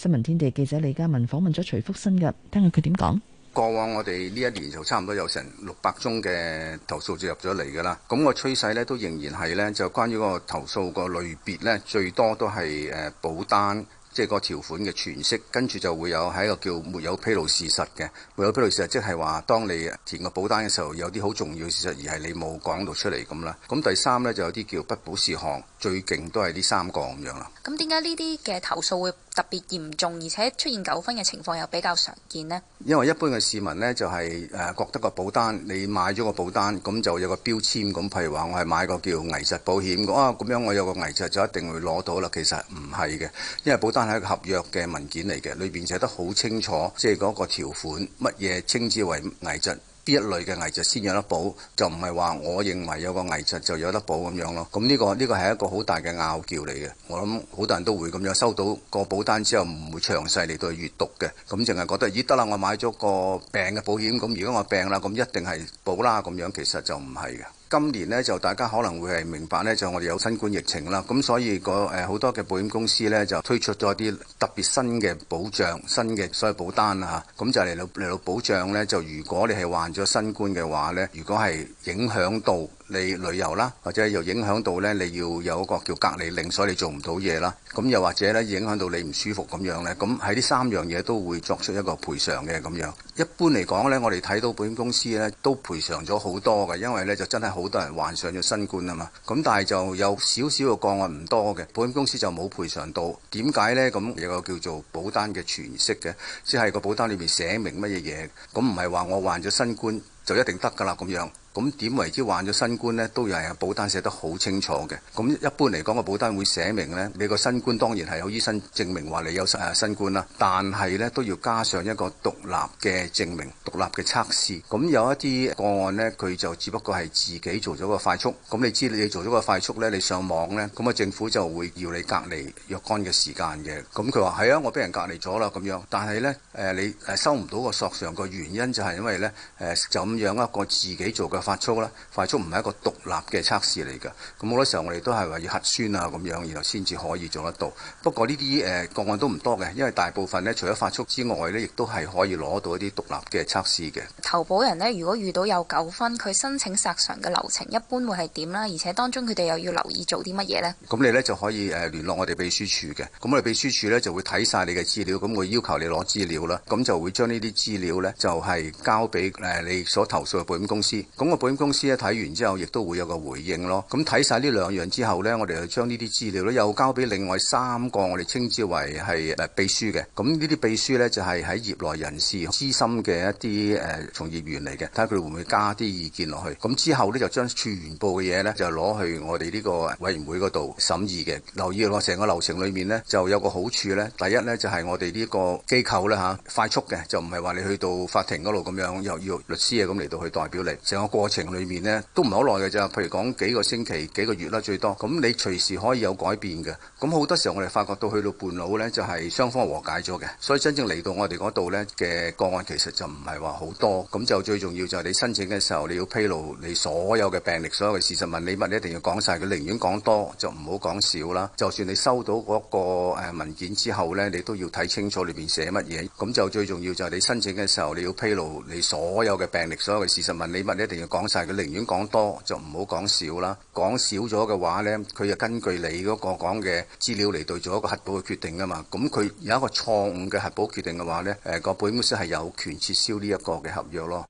新聞天地記者李家文訪問咗徐福新，日聽下佢點講。過往我哋呢一年就差唔多有成六百宗嘅投訴就入咗嚟噶啦，咁個趨勢咧都仍然係咧，就關於個投訴個類別咧，最多都係誒保單，即係個條款嘅詮釋，跟住就會有喺一個叫沒有披露事實嘅，沒有披露事實即係話當你填個保單嘅時候，有啲好重要事實而係你冇講到出嚟咁啦。咁第三咧就有啲叫不保事項，最勁都係呢三個咁樣啦。咁點解呢啲嘅投訴會特別嚴重，而且出現糾紛嘅情況又比較常見呢？因為一般嘅市民呢，就係、是、誒覺得個保單，你買咗個保單，咁就有個標籤譬如話，我係買個叫危疾保險嘅，啊咁樣我有個危疾就一定會攞到啦。其實唔係嘅，因為保單係一個合約嘅文件嚟嘅，裏邊寫得好清楚，即係嗰個條款乜嘢稱之為危疾。呢一類嘅危疾先有得保，就唔係話我認為有個危疾就有得保咁樣咯。咁呢個呢個係一個好大嘅拗撬嚟嘅。我諗好多人都會咁樣收到個保單之後，唔會詳細嚟到去閲讀嘅。咁淨係覺得咦，得啦，我買咗個病嘅保險，咁如果我病啦，咁一定係保啦咁樣，其實就唔係嘅。今年咧就大家可能會係明白咧，就我哋有新冠疫情啦。咁所以個誒好多嘅保險公司咧就推出咗啲特別新嘅保障、新嘅所謂保單啦咁、啊、就嚟到嚟到保障咧，就如果你係患咗新冠嘅話咧，如果係影響到，你旅遊啦，或者又影響到咧，你要有一個叫隔離令，所以你做唔到嘢啦。咁又或者咧，影響到你唔舒服咁樣咧，咁喺呢三樣嘢都會作出一個賠償嘅咁樣。一般嚟講咧，我哋睇到保險公司咧都賠償咗好多嘅，因為咧就真係好多人患上咗新冠啊嘛。咁但係就有少少嘅個案唔多嘅，保險公司就冇賠償到。點解咧？咁有個叫做保單嘅詮釋嘅，即係個保單裏面寫明乜嘢嘢，咁唔係話我患咗新冠就一定得㗎啦咁樣。咁點為之患咗新冠呢？都係保單寫得好清楚嘅。咁一般嚟講，個保單會寫明呢：你個新冠當然係有醫生證明話你有新新冠啦。但係呢都要加上一個獨立嘅證明、獨立嘅測試。咁有一啲個案呢，佢就只不過係自己做咗個快速。咁你知你做咗個快速呢，你上網呢，咁啊政府就會要你隔離若干嘅時間嘅。咁佢話係啊，我俾人隔離咗啦咁樣。但係呢，誒、呃、你誒收唔到個索償個原因就係因為呢，誒、呃、咁樣一個自己做嘅。發速啦！快速唔係一個獨立嘅測試嚟㗎，咁好多時候我哋都係話要核酸啊咁樣，然後先至可以做得到。不過呢啲誒個案都唔多嘅，因為大部分咧除咗發速之外咧，亦都係可以攞到一啲獨立嘅測試嘅。投保人咧，如果遇到有糾紛，佢申請索償嘅流程一般會係點啦？而且當中佢哋又要留意做啲乜嘢咧？咁你咧就可以誒聯絡我哋秘書處嘅，咁我哋秘書處咧就會睇晒你嘅資料，咁會要求你攞資料啦，咁就會將呢啲資料咧就係交俾誒你所投訴嘅保險公司。咁個保險公司咧睇完之後亦都會有個回應咯。咁睇晒呢兩樣之後呢，我哋就將呢啲資料咧又交俾另外三個我哋稱之為係誒秘書嘅。咁呢啲秘書呢，就係喺業內人士、資深嘅一啲誒從業員嚟嘅，睇下佢會唔會加啲意見落去。咁之後呢，就將全部嘅嘢呢，就攞去我哋呢個委員會嗰度審議嘅。留意落成個流程裏面呢，就有個好處呢。第一呢，就係我哋呢個機構咧嚇快速嘅，就唔係話你去到法庭嗰度咁樣又要律師啊咁嚟到去代表你成個過程裏面呢都唔係好耐嘅啫，譬如講幾個星期、幾個月啦，最多。咁你隨時可以有改變嘅。咁好多時候我哋發覺到去到半路呢就係、是、雙方和解咗嘅。所以真正嚟到我哋嗰度呢嘅個案其實就唔係話好多。咁就最重要就係你申請嘅時候你要披露你所有嘅病歷、所有嘅事實，問你乜，你一定要講晒。佢寧願講多就唔好講少啦。就算你收到嗰個誒文件之後呢，你都要睇清楚裏邊寫乜嘢。咁就最重要就係你申請嘅時候你要披露你所有嘅病歷、所有嘅事實，問你乜，你一定要講晒，佢寧願講多就唔好講少啦。講少咗嘅話呢，佢就根據你嗰個講嘅資料嚟到做一個核保嘅決定㗎嘛。咁、嗯、佢有一個錯誤嘅核保決定嘅話呢，誒個保險公司係有權撤銷呢一個嘅合約咯。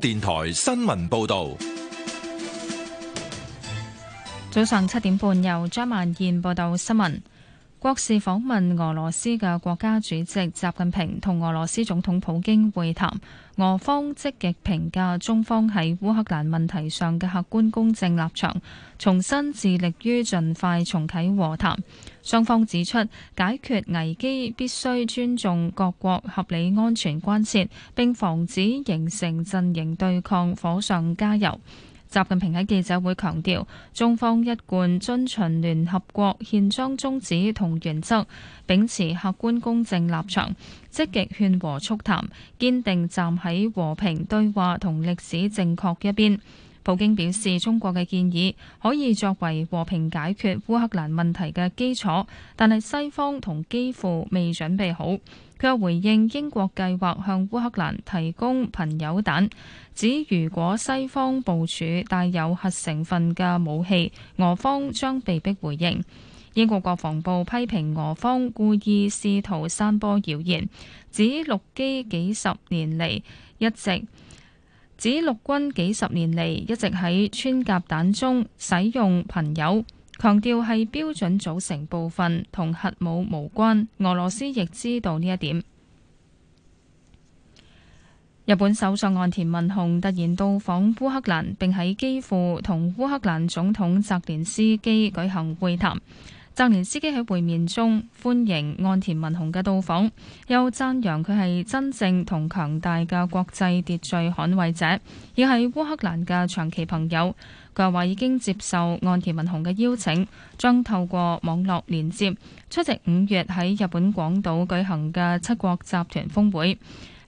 電台新聞報道。早上七點半，由張萬燕報道新聞。國事訪問俄羅斯嘅國家主席習近平同俄羅斯總統普京會談，俄方積極評價中方喺烏克蘭問題上嘅客觀公正立場，重申致力於盡快重啟和談。雙方指出，解決危機必須尊重各國合理安全關切，並防止形成陣營對抗、火上加油。習近平喺記者會強調，中方一貫遵循聯合國憲章宗旨同原則，秉持客觀公正立場，積極勸和促談，堅定站喺和平對話同歷史正確一邊。普京表示，中國嘅建議可以作為和平解決烏克蘭問題嘅基礎，但係西方同基輔未準備好。卻回應英國計劃向烏克蘭提供貧鈾彈，指如果西方部署帶有核成分嘅武器，俄方將被迫回應。英國國防部批評俄方故意試圖散播謠言，指陸基幾十年嚟一直指陸軍幾十年嚟一直喺穿甲彈中使用貧鈾。強調係標準組成部分同核武無關，俄羅斯亦知道呢一點。日本首相岸田文雄突然到訪烏克蘭，並喺基輔同烏克蘭總統澤連斯基舉行會談。澤連斯基喺會面中歡迎岸田文雄嘅到訪，又讚揚佢係真正同強大嘅國際秩序捍衞者，亦係烏克蘭嘅長期朋友。佢話已經接受岸田文雄嘅邀請，將透過網絡連接出席五月喺日本廣島舉行嘅七國集團峰會。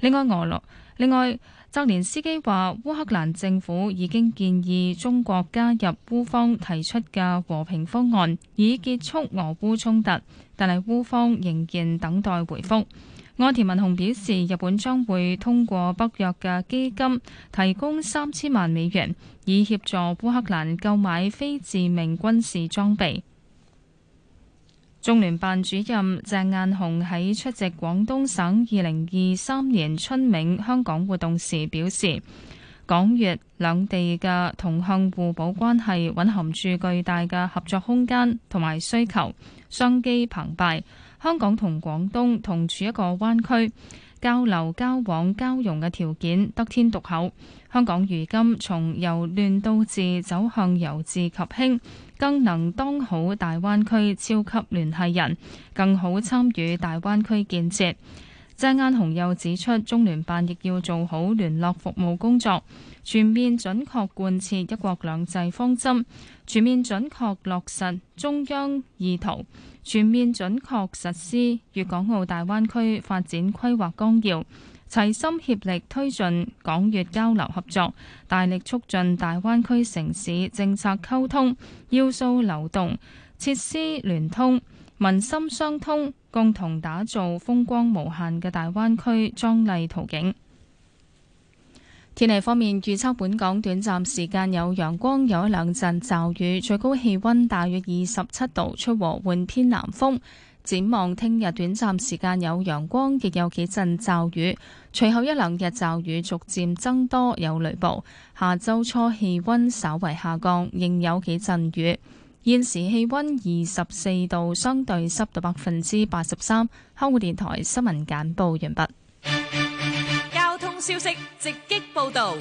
另外，俄羅另外澤連斯基話，烏克蘭政府已經建議中國加入烏方提出嘅和平方案，以結束俄烏衝突，但係烏方仍然等待回覆。岸田文雄表示，日本將會通過北約嘅基金提供三千萬美元，以協助烏克蘭購買非致命軍事裝備。中聯辦主任鄭雁雄喺出席廣東省二零二三年春茗香港活動時表示，港粵兩地嘅同向互補關係蘊含住巨大嘅合作空間同埋需求，商機澎湃。香港同廣東同處一個灣區，交流交往交融嘅條件得天獨厚。香港如今從由亂到治走向由治及興，更能當好大灣區超級聯繫人，更好參與大灣區建設。鄭雁雄又指出，中聯辦亦要做好聯絡服務工作，全面準確貫徹一國兩制方針，全面準確落實中央意圖，全面準確實施粵港澳大灣區發展規劃綱要，齊心協力推進港粵交流合作，大力促進大灣區城市政策溝通、要素流動、設施聯通、民心相通。共同打造風光無限嘅大灣區壯麗圖景。天氣方面預測，本港短暫時間有陽光，有一兩陣驟雨，最高氣温大約二十七度，出和緩偏南風。展望聽日短暫時間有陽光，亦有幾陣驟雨，隨後一兩日驟雨逐漸增多，有雷暴。下周初氣溫稍為下降，仍有幾陣雨。現時氣温二十四度，相對濕度百分之八十三。香港電台新聞簡報完畢。交通消息直擊報道。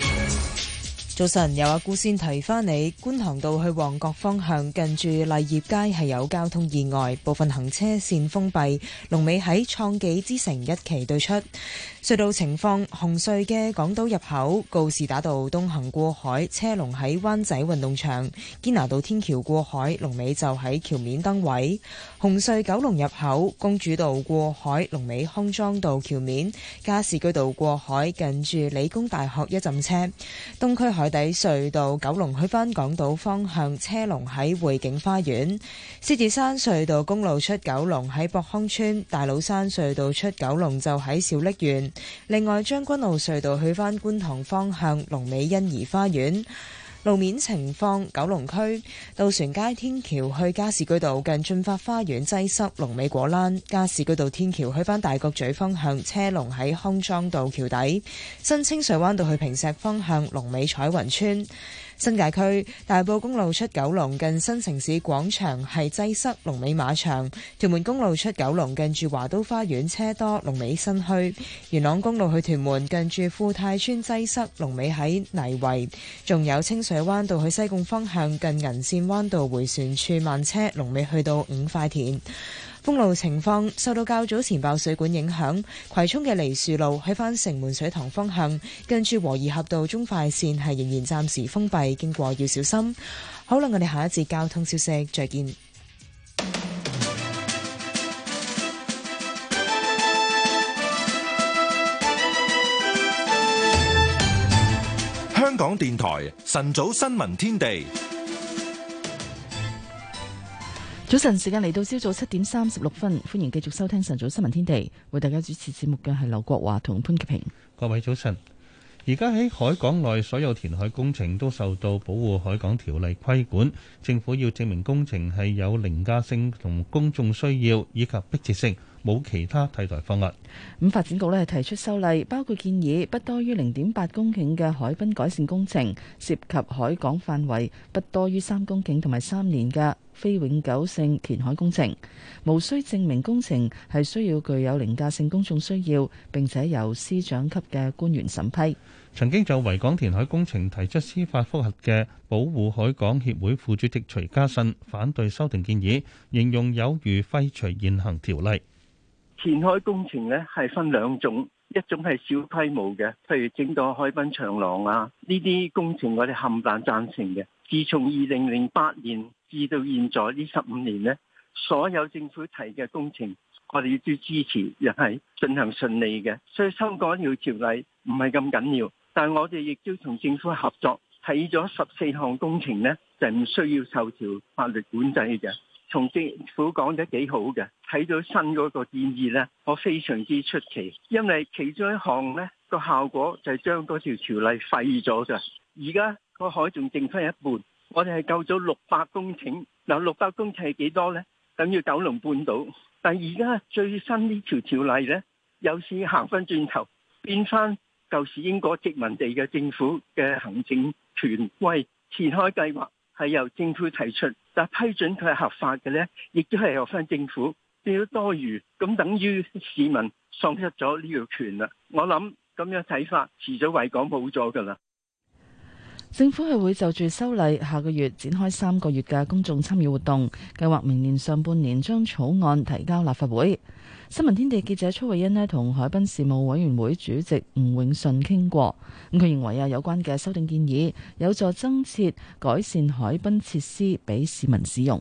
早晨，又話、啊、先提翻你，觀塘道去旺角方向近住麗業街係有交通意外，部分行車線封閉。龍尾喺創紀之城一期對出隧道情況，紅隧嘅港島入口告士打道東行過海車龍喺灣仔運動場，堅拿道天橋過海龍尾就喺橋面燈位。紅隧九龍入口公主道過海龍尾康莊道橋面，加士居道過海近住理工大學一陣車，東區海。底隧道九龍去返港島方向車龍喺匯景花園，獅子山隧道公路出九龍喺博康村，大老山隧道出九龍就喺小瀝源，另外將軍澳隧道去翻觀塘方向龍尾欣怡花園。路面情況：九龍區渡船街天橋去加士居道近駿發花園擠塞，龍尾果欄；加士居道天橋去返大角咀方向車龍喺康莊道橋底；新清水灣道去坪石方向龍尾彩雲村。新界區大埔公路出九龍近新城市廣場係擠塞，龍尾馬場；屯門公路出九龍近住華都花園車多，龍尾新墟；元朗公路去屯門近住富泰村擠塞，龍尾喺泥圍；仲有清水灣道去西貢方向近銀線灣道回旋處慢車，龍尾去到五塊田。封路情況受到較早前爆水管影響，葵涌嘅梨樹路喺翻城門水塘方向，近住和宜合道中快線係仍然暫時封閉，經過要小心。好啦，我哋下一節交通消息再見。香港電台晨早新聞天地。早晨，時間嚟到朝早七點三十六分，歡迎繼續收聽晨早新聞天地，為大家主持節目嘅係劉國華同潘潔平。各位早晨，而家喺海港內所有填海工程都受到保護海港條例規管，政府要證明工程係有凌駕性同公眾需要以及迫切性。冇其他替代方案。咁發展局咧提出修例，包括建議不多於零點八公頃嘅海濱改善工程，涉及海港範圍不多於三公頃同埋三年嘅非永久性填海工程，無需證明工程係需要具有凌駕性公眾需要，並且由司長級嘅官員審批。曾經就維港填海工程提出司法覆核嘅保護海港協會副主席徐家信反對修訂建議，形容有如廢除現行條例。填海工程咧係分兩種，一種係小規模嘅，譬如整到海濱長廊啊，呢啲工程我哋冚唪唥贊成嘅。自從二零零八年至到現在呢十五年呢，所有政府提嘅工程，我哋亦都支持，又係進行順利嘅。所以修改條條例唔係咁緊要，但係我哋亦都同政府合作，睇咗十四項工程呢，就唔需要受條法律管制嘅。從政府講得幾好嘅，睇到新嗰個建議呢，我非常之出奇，因為其中一項呢個效果就係將嗰條條例廢咗嘅。而家個海仲剩翻一半，我哋係救咗六百公頃，嗱六百公頃係幾多呢？等於九龍半島。但而家最新呢條條例呢，有時行翻轉頭，變翻舊時英國殖民地嘅政府嘅行政權位設開計劃。係由政府提出，但批准佢，係合法嘅呢，亦都係由翻政府，變咗多餘，咁等於市民喪失咗呢樣權啦。我諗咁樣睇法，遲早為港冇咗噶啦。政府係會就住修例下個月展開三個月嘅公眾參與活動，計劃明年上半年將草案提交立法會。新聞天地記者崔慧欣呢，同海濱事務委員會主席吳永信傾過，咁佢認為啊有關嘅修訂建議有助增設改善海濱設施俾市民使用。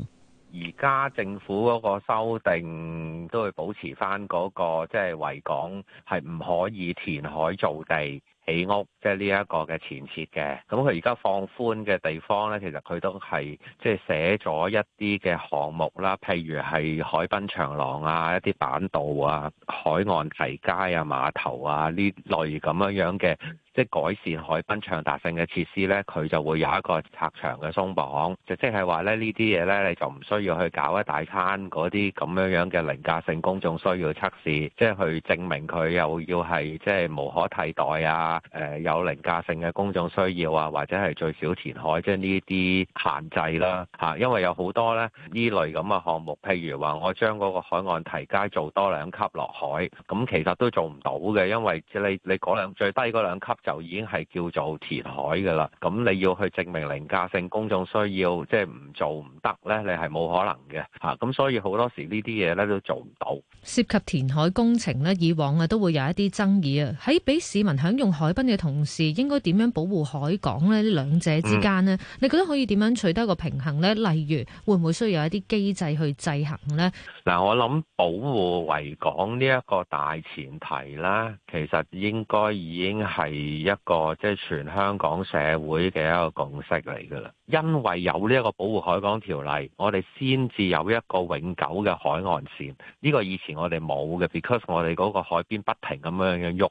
而家政府嗰個修訂都會保持翻嗰個，即係維港係唔可以填海造地。起屋即係呢一個嘅前設嘅，咁佢而家放寬嘅地方咧，其實佢都係即係寫咗一啲嘅項目啦，譬如係海濱長廊啊、一啲板道啊、海岸堤街啊、碼頭啊呢類咁樣樣嘅。即係改善海濱暢達性嘅設施呢，佢就會有一個拆牆嘅鬆綁，就即係話咧，呢啲嘢呢，你就唔需要去搞一大餐嗰啲咁樣樣嘅凌駕性公眾需要測試，即係去證明佢又要係即係無可替代啊，誒有凌駕性嘅公眾需要啊，或者係最少填海即係呢啲限制啦吓，因為有好多咧呢這類咁嘅項目，譬如話我將嗰個海岸堤階做多兩級落海，咁其實都做唔到嘅，因為即係你你嗰兩最低嗰兩級。就已經係叫做填海嘅啦，咁你要去證明凌駕性公眾需要，即係唔做唔得呢，你係冇可能嘅嚇。咁、啊、所以好多時呢啲嘢呢都做唔到。涉及填海工程呢，以往啊都會有一啲爭議啊。喺、欸、俾市民享用海濱嘅同時，應該點樣保護海港呢？兩者之間呢，嗯、你覺得可以點樣取得一個平衡呢？例如，會唔會需要有一啲機制去制衡呢？嗱、嗯，我諗保護維港呢一個大前提啦，其實應該已經係。一個即係全香港社會嘅一個共識嚟㗎啦，因為有呢一個保護海港條例，我哋先至有一個永久嘅海岸線。呢個以前我哋冇嘅，because 我哋嗰個海邊不停咁樣樣喐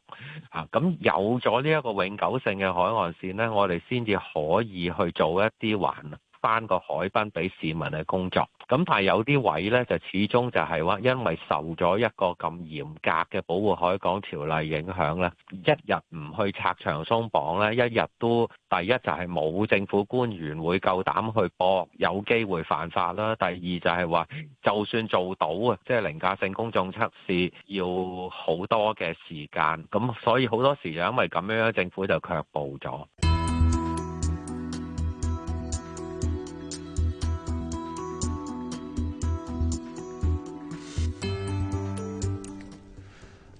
啊。咁有咗呢一個永久性嘅海岸線咧，我哋先至可以去做一啲還返個海濱俾市民嘅工作。咁但係有啲位呢，就始終就係話，因為受咗一個咁嚴格嘅保護海港條例影響咧，一日唔去拆牆鬆綁呢，一日都第一就係冇政府官員會夠膽去搏，有機會犯法啦。第二就係話，就算做到啊，即係凌駕性公眾測試要好多嘅時間，咁所以好多時就因為咁樣，政府就卻步咗。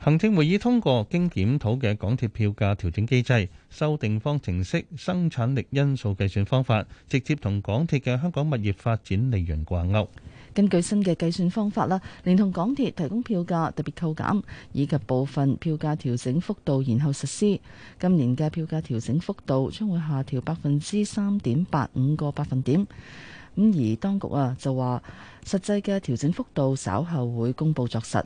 行政會議通過經檢討嘅港鐵票價調整機制，修訂方程式、生產力因素計算方法，直接同港鐵嘅香港物業發展利潤掛鈎。根據新嘅計算方法啦，連同港鐵提供票價特別扣減，以及部分票價調整幅度，然後實施。今年嘅票價調整幅度將會下調百分之三點八五個百分點。咁而當局啊就話，實際嘅調整幅度稍後會公佈作實。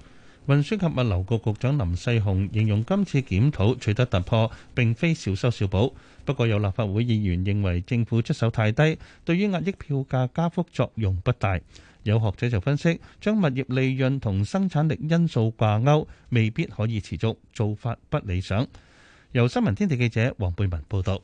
運輸及物流局局長林世雄形容今次檢討取得突破，並非小修小補。不過有立法會議員認為政府出手太低，對於壓抑票價加幅作用不大。有學者就分析，將物業利潤同生產力因素掛鈎，未必可以持續，做法不理想。由新聞天地記者黃貝文報道。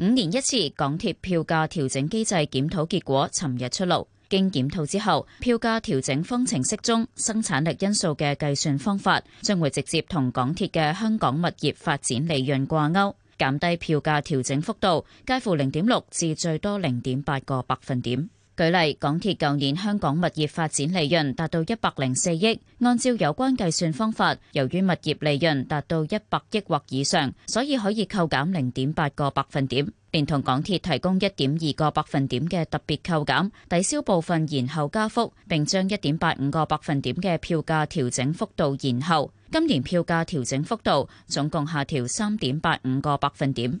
五年一次港鐵票價調整機制檢討結果尋日出爐。經檢討之後，票價調整方程式中，生產力因素嘅計算方法將會直接同港鐵嘅香港物業發展利潤掛鈎，減低票價調整幅度，介乎零點六至最多零點八個百分點。舉例，港鐵舊年香港物業發展利潤達到一百零四億，按照有關計算方法，由於物業利潤達到一百億或以上，所以可以扣減零點八個百分點，連同港鐵提供一點二個百分點嘅特別扣減，抵消部分延後加幅，並將一點八五個百分點嘅票價調整幅度延後。今年票價調整幅度總共下調三點八五個百分點。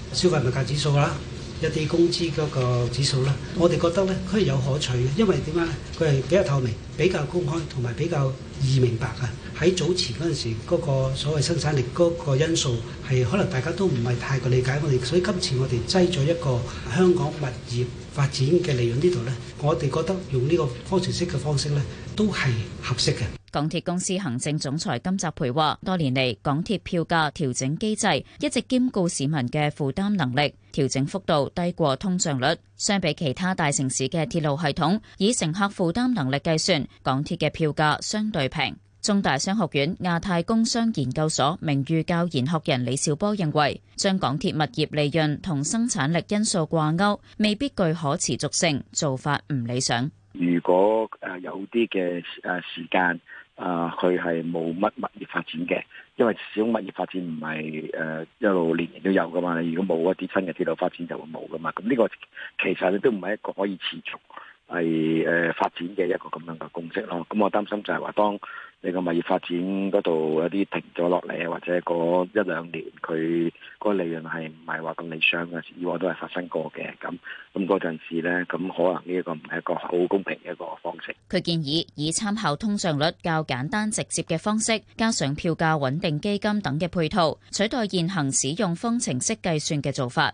消費物價指數啦，一啲工資嗰個指數啦，我哋覺得咧，佢係有可取嘅，因為點解呢？佢係比較透明、比較公開，同埋比較易明白啊！喺早前嗰陣時，嗰個所謂生產力嗰個因素係可能大家都唔係太過理解我哋，所以今次我哋擠咗一個香港物業發展嘅利潤呢度咧，我哋覺得用呢個方程式嘅方式咧，都係合適嘅。港鐵公司行政總裁金澤培話，多年嚟，港鐵票價調整機制一直兼顧市民嘅負擔能力，調整幅度低過通脹率。相比其他大城市嘅鐵路系統，以乘客負擔能力計算，港鐵嘅票價相對平。中大商學院亞太工商研究所名譽教研學人李兆波認為，將港鐵物業利潤同生產力因素掛鈎，未必具可持續性，做法唔理想。如果有啲嘅誒時間。啊！佢係冇乜物業發展嘅，因為小物業發展唔係誒一路年年都有㗎嘛。如果冇一啲新嘅鐵路發展就會冇㗎嘛。咁呢個其實你都唔係一個可以持續係誒、呃、發展嘅一個咁樣嘅公式咯。咁我擔心就係話當。你個物業發展嗰度有啲停咗落嚟或者嗰一兩年佢嗰個利潤係唔係話咁理想嘅？以往都係發生過嘅。咁咁嗰陣時咧，咁可能呢一個唔係一個好公平嘅一個方式。佢建議以參考通脹率較簡單直接嘅方式，加上票價穩定基金等嘅配套，取代現行使用方程式計算嘅做法。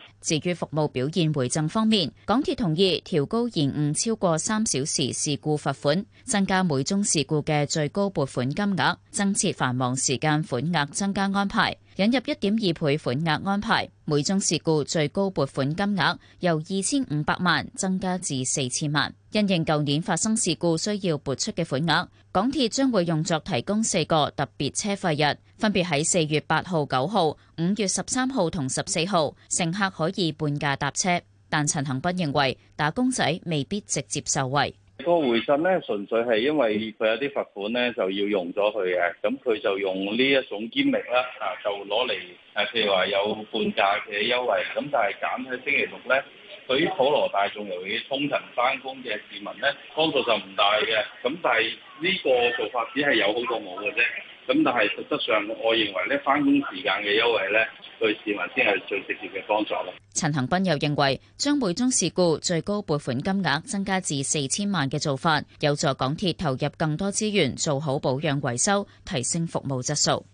至於服務表現回贈方面，港鐵同意調高延誤超過三小時事故罰款，增加每宗事故嘅最高撥款金額，增設繁忙時間款額，增加安排。引入一點二倍款額安排，每宗事故最高撥款金額由二千五百萬增加至四千萬。因應舊年發生事故需要撥出嘅款額，港鐵將會用作提供四個特別車費日，分別喺四月八號、九號、五月十三號同十四號，乘客可以半價搭車。但陳恒鑌認為打工仔未必直接受惠。個回贈咧，純粹係因為佢有啲罰款咧，就要用咗佢嘅，咁佢就用呢一種 gimmick 啦，啊，就攞嚟誒，譬如話有半價嘅優惠，咁但係減喺星期六咧，對於普羅大眾尤其是通勤返工嘅市民咧，幫助就唔大嘅，咁但係呢個做法只係有好過冇嘅啫。咁但係實質上，我認為咧，返工時間嘅優惠咧，對市民先係最直接嘅幫助咯。陳恒斌又認為，將每宗事故最高撥款金額增加至四千萬嘅做法，有助港鐵投入更多資源做好保養維修，提升服務質素。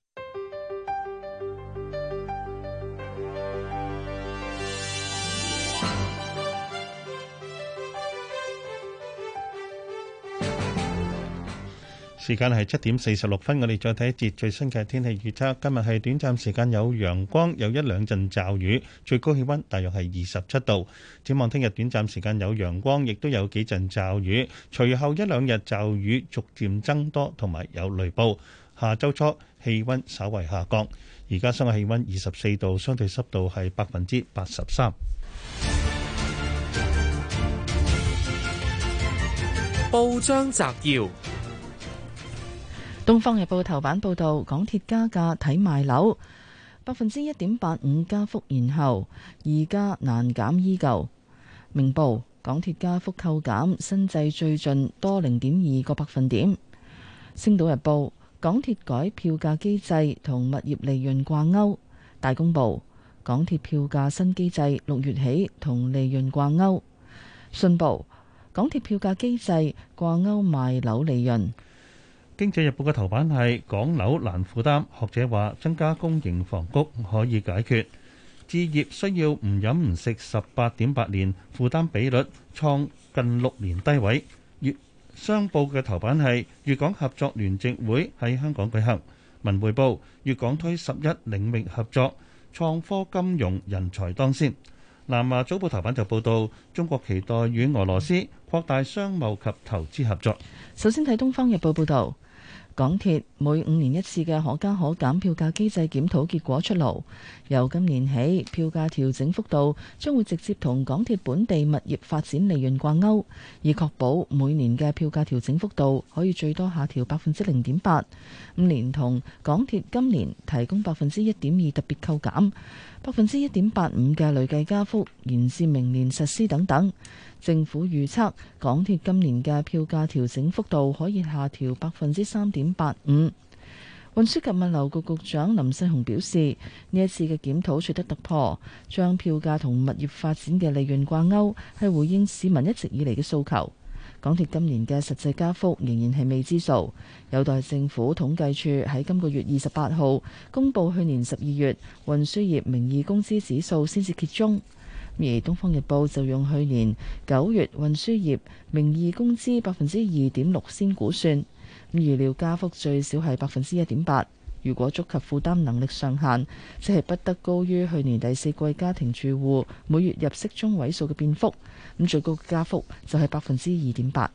時間係七點四十六分，我哋再睇一節最新嘅天氣預測。今日係短暫時間有陽光，有一兩陣驟雨，最高氣溫大約係二十七度。展望聽日短暫時間有陽光，亦都有幾陣驟雨，隨後一兩日驟雨逐漸增多，同埋有雷暴。下周初氣溫稍為下降，而家室外氣溫二十四度，相對濕度係百分之八十三。報章摘要。《東方日報》頭版報道，港鐵加價睇賣樓，百分之一點八五加幅然後，而家難減依舊。明報：港鐵加幅扣減，新制最盡多零點二個百分點。《星島日報》：港鐵改票價機制同物業利潤掛鈎。大公報：港鐵票價新機制六月起同利潤掛鈎。信報：港鐵票價機制掛鈎賣樓利潤。《經濟日報》嘅頭版係港樓難負擔，學者話增加公營房屋可以解決。置業需要唔飲唔食十八點八年，負擔比率創近六年低位。《粵商報》嘅頭版係粵港合作聯席會喺香港舉行，《文匯報》粵港推十一領域合作，創科金融人才當先。《南華早報》頭版就報導中國期待與俄羅斯擴大商貿及投資合作。首先睇《東方日報》報導。港鐵每五年一次嘅可加可減票價機制檢討結果出爐，由今年起票價調整幅度將會直接同港鐵本地物業發展利潤掛鈎，以確保每年嘅票價調整幅度可以最多下調百分之零點八五，連同港鐵今年提供百分之一點二特別扣減、百分之一點八五嘅累計加幅，延至明年實施等等。政府預測港鐵今年嘅票價調整幅度可以下調百分之三點八五。運輸及物流局局長林世雄表示，呢一次嘅檢討取得突破，將票價同物業發展嘅利潤掛鈎，係回應市民一直以嚟嘅訴求。港鐵今年嘅實際加幅仍然係未知數，有待政府統計處喺今個月二十八號公布去年十二月運輸業名義工資指數先至揭盅。而《東方日報》就用去年九月運輸業名義工資百分之二點六先估算，咁預料加幅最少係百分之一點八。如果觸及負擔能力上限，即係不得高於去年第四季家庭住戶每月入息中位數嘅變幅，咁最高嘅加幅就係百分之二點八。《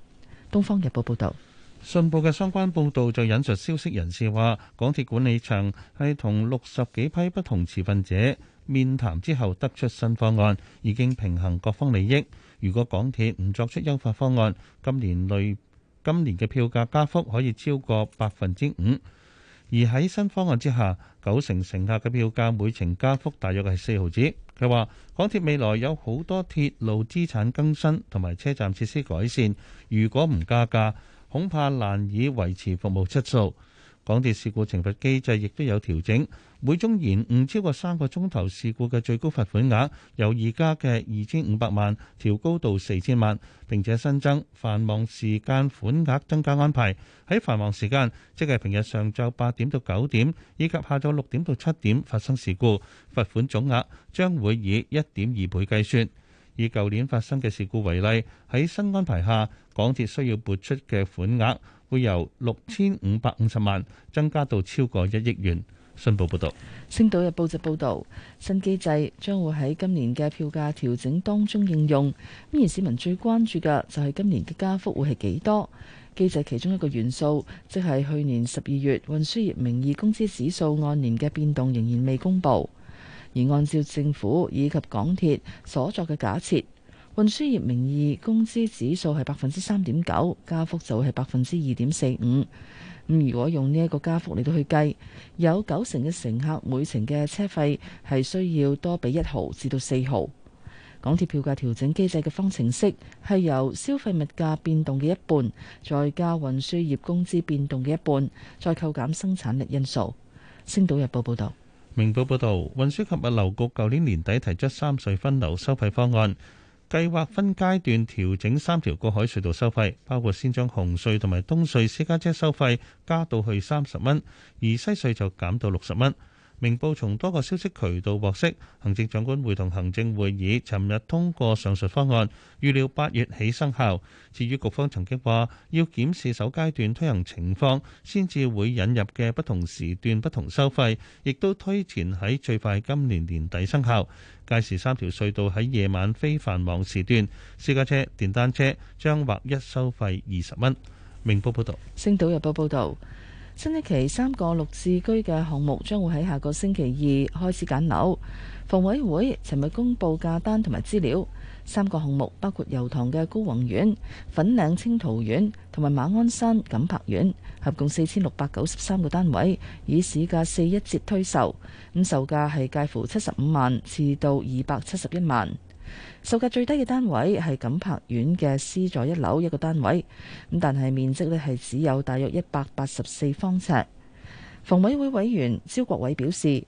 東方日報》報道：信報嘅相關報導就引述消息人士話，港鐵管理層係同六十幾批不同持份者。面談之後得出新方案，已經平衡各方利益。如果港鐵唔作出優化方案，今年累今年嘅票價加幅可以超過百分之五。而喺新方案之下，九成乘客嘅票價每程加幅大約係四毫子。佢話港鐵未來有好多鐵路資產更新同埋車站設施改善，如果唔加價，恐怕難以維持服務質素。港鐵事故懲罰機制亦都有調整，每宗延誤超過三個鐘頭事故嘅最高罰款額由而家嘅二千五百萬調高到四千萬，並且新增繁忙時間款額增加安排。喺繁忙時間，即係平日上晝八點到九點以及下晝六點到七點發生事故，罰款總額將會以一點二倍計算。以舊年發生嘅事故為例，喺新安排下，港鐵需要撥出嘅款額，會由六千五百五十萬增加到超過一億元。信報報道，星島日報就報道新機制將會喺今年嘅票價調整當中應用。咁而市民最關注嘅就係今年嘅加幅會係幾多？機制其中一個元素，即係去年十二月運輸業名義工資指數按年嘅變動仍然未公布。而按照政府以及港鐵所作嘅假設。運輸業名義工資指數係百分之三點九，加幅就會係百分之二點四五。咁如果用呢一個加幅嚟到去計，有九成嘅乘客每程嘅車費係需要多俾一毫至到四毫。港鐵票價調整機制嘅方程式係由消費物價變動嘅一半，再加運輸業工資變動嘅一半，再扣減生產力因素。星島日報報道。明報報道，運輸及物流局舊年年底提出三隧分流收費方案。計劃分階段調整三條過海隧道收費，包括先將紅隧同埋東隧私家車收費加到去三十蚊，而西隧就減到六十蚊。明報從多個消息渠道獲悉，行政長官會同行政會議尋日通過上述方案，預料八月起生效。至於局方曾經話要檢視首階段推行情況，先至會引入嘅不同時段不同收費，亦都推前喺最快今年年底生效。屆時，三條隧道喺夜晚非繁忙時段，私家車、電單車將劃一收費二十蚊。明報報道。星島日報報道。新一期三個綠置居嘅項目將會喺下個星期二開始揀樓，房委會尋日公布價單同埋資料。三個項目包括油塘嘅高宏苑、粉嶺清濤苑同埋馬鞍山錦柏苑，合共四千六百九十三個單位，以市價四一折推售，咁售價係介乎七十五萬至到二百七十一萬。售價最低嘅單位係錦柏苑嘅 C 座一樓一個單位，咁但係面積咧係只有大約一百八十四方尺。房委會委員招國偉表示。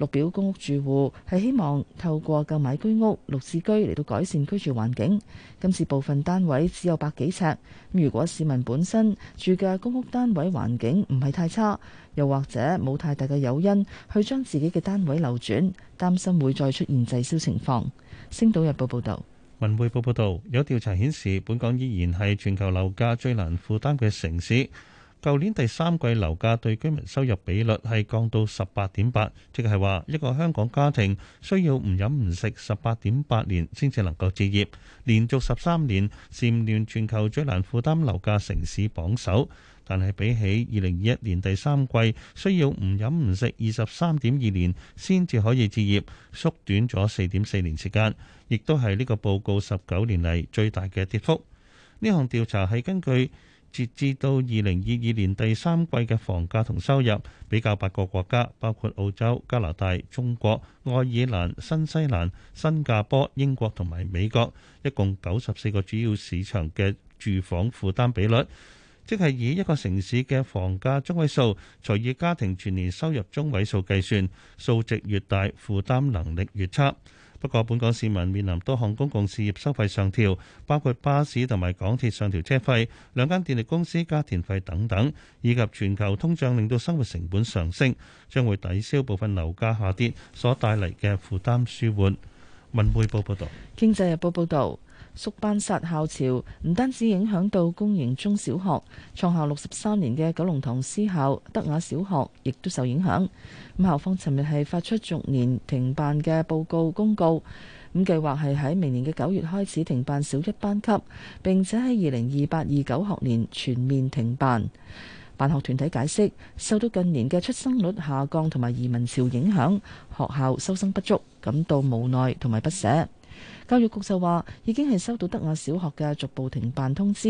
綠表公屋住戶係希望透過購買居屋、綠置居嚟到改善居住環境。今次部分單位只有百幾尺，咁如果市民本身住嘅公屋單位環境唔係太差，又或者冇太大嘅誘因去將自己嘅單位流轉，擔心會再出現滯銷情況。星島日報報道，文匯報報道有調查顯示，本港依然係全球樓價最難負擔嘅城市。舊年第三季樓價對居民收入比率係降到十八點八，即係話一個香港家庭需要唔飲唔食十八點八年先至能夠置業，連續十三年蟬聯全球最難負擔樓價城市榜首。但係比起二零二一年第三季需要唔飲唔食二十三點二年先至可以置業，縮短咗四點四年時間，亦都係呢個報告十九年嚟最大嘅跌幅。呢項調查係根據截至到二零二二年第三季嘅房價同收入比較，八個國家包括澳洲、加拿大、中國、愛爾蘭、新西蘭、新加坡、英國同埋美國，一共九十四個主要市場嘅住房負擔比率，即係以一個城市嘅房價中位數，除以家庭全年收入中位數計算，數值越大，負擔能力越差。不過，本港市民面臨多項公共事業收費上調，包括巴士同埋港鐵上調車費，兩間電力公司加電費等等，以及全球通脹令到生活成本上升，將會抵消部分樓價下跌所帶嚟嘅負擔舒緩。文匯報報道。經濟日報報道。縮班殺校潮唔單止影響到公營中小學，創校六十三年嘅九龍塘私校德雅小學亦都受影響。咁校方尋日係發出逐年停辦嘅報告公告，咁計劃係喺明年嘅九月開始停辦小一班級，並且喺二零二八二九學年全面停辦。辦學團體解釋受到近年嘅出生率下降同埋移民潮影響，學校收生不足，感到無奈同埋不捨。教育局就話已經係收到德雅小學嘅逐步停辦通知，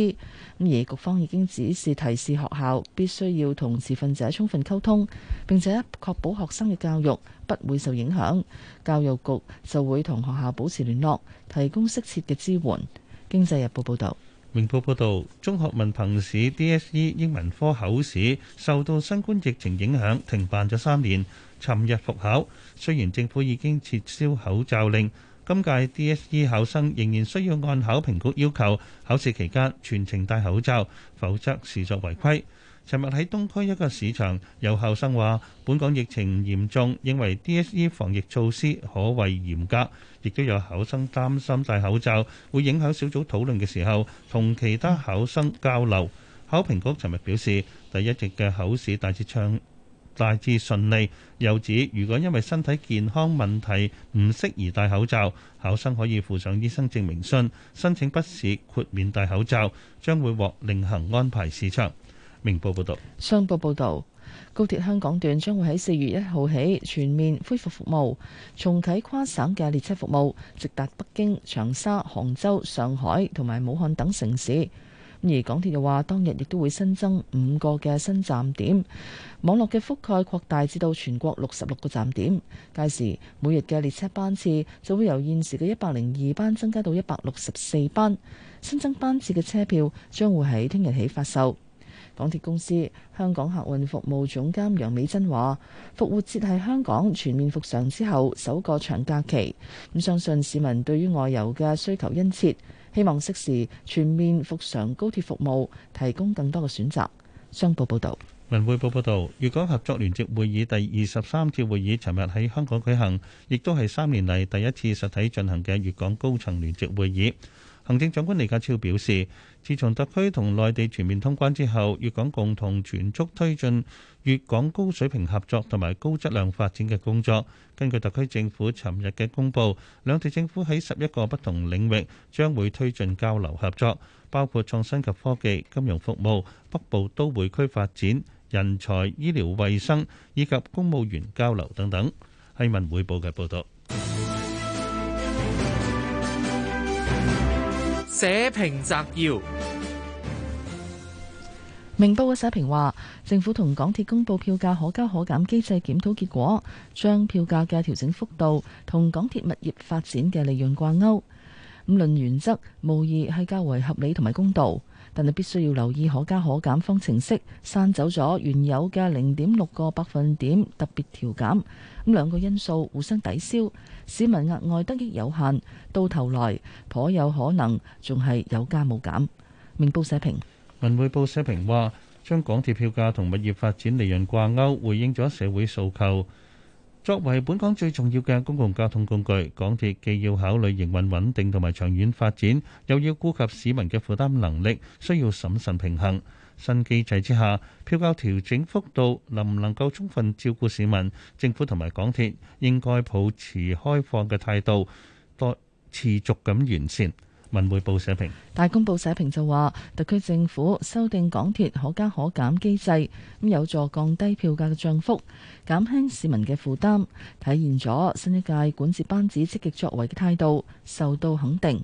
咁而局方已經指示提示學校必須要同持份者充分溝通，並且確保學生嘅教育不會受影響。教育局就會同學校保持聯絡，提供適切嘅支援。經濟日報報導，明報報導，中學文憑試 DSE 英文科口試受到新冠疫情影響停辦咗三年，尋日復考。雖然政府已經撤銷口罩令。今屆 DSE 考生仍然需要按考評局要求，考試期間全程戴口罩，否則視作違規。尋日喺東區一個市場，有考生話：本港疫情嚴重，認為 DSE 防疫措施可謂嚴格。亦都有考生擔心戴口罩會影響小組討論嘅時候，同其他考生交流。考評局尋日表示，第一日嘅考試大致暢。大致順利。又指，如果因為身體健康問題唔適宜戴口罩，考生可以附上醫生證明信申請筆試豁免戴口罩，將會獲另行安排試場。明報報道：商報報導，高鐵香港段將會喺四月一號起全面恢復服務，重啟跨省嘅列車服務，直達北京、長沙、杭州、上海同埋武漢等城市。而港鐵又話，當日亦都會新增五個嘅新站點，網絡嘅覆蓋擴大至到全國六十六個站點，屆時每日嘅列車班次就會由現時嘅一百零二班增加到一百六十四班。新增班次嘅車票將會喺聽日起發售。港鐵公司香港客運服務總監楊美珍話，復活節係香港全面復常之後首個長假期，咁相信市民對於外遊嘅需求殷切。希望適時全面復常高鐵服務，提供更多嘅選擇。商報報道，文匯報報道，粵港合作聯席會議第二十三次會議尋日喺香港舉行，亦都係三年嚟第一次實體進行嘅粵港高層聯席會議。行政長官李家超表示，自從特區同內地全面通關之後，粵港共同全速推進。粵港高水平合作同埋高質量發展嘅工作。根據特區政府尋日嘅公布，兩地政府喺十一個不同領域將會推進交流合作，包括創新及科技、金融服務、北部都會區發展、人才、醫療衛生以及公務員交流等等。係文匯報嘅報道。社評摘要。明報嘅社評話：政府同港鐵公布票價可加可減機制檢討結果，將票價嘅調整幅度同港鐵物業發展嘅利潤掛鈎。咁論原則，無疑係較為合理同埋公道，但係必須要留意可加可減方程式刪走咗原有嘅零點六個百分點特別調減。咁兩個因素互相抵消，市民額外得益有限。到頭來，頗有可能仲係有加冇減。明報社評。文匯報社評話，將港鐵票價同物業發展利潤掛鈎，回應咗社會訴求。作為本港最重要嘅公共交通工具，港鐵既要考慮營運穩定同埋長遠發展，又要顧及市民嘅負擔能力，需要審慎平衡。新機制之下，票價調整幅度能唔能夠充分照顧市民？政府同埋港鐵應該保持開放嘅態度，多持續咁完善。文匯報社評，大公報社評就話，特區政府修訂港鐵可加可減機制，咁有助降低票價嘅漲幅，減輕市民嘅負擔，體現咗新一屆管治班子積極作為嘅態度，受到肯定。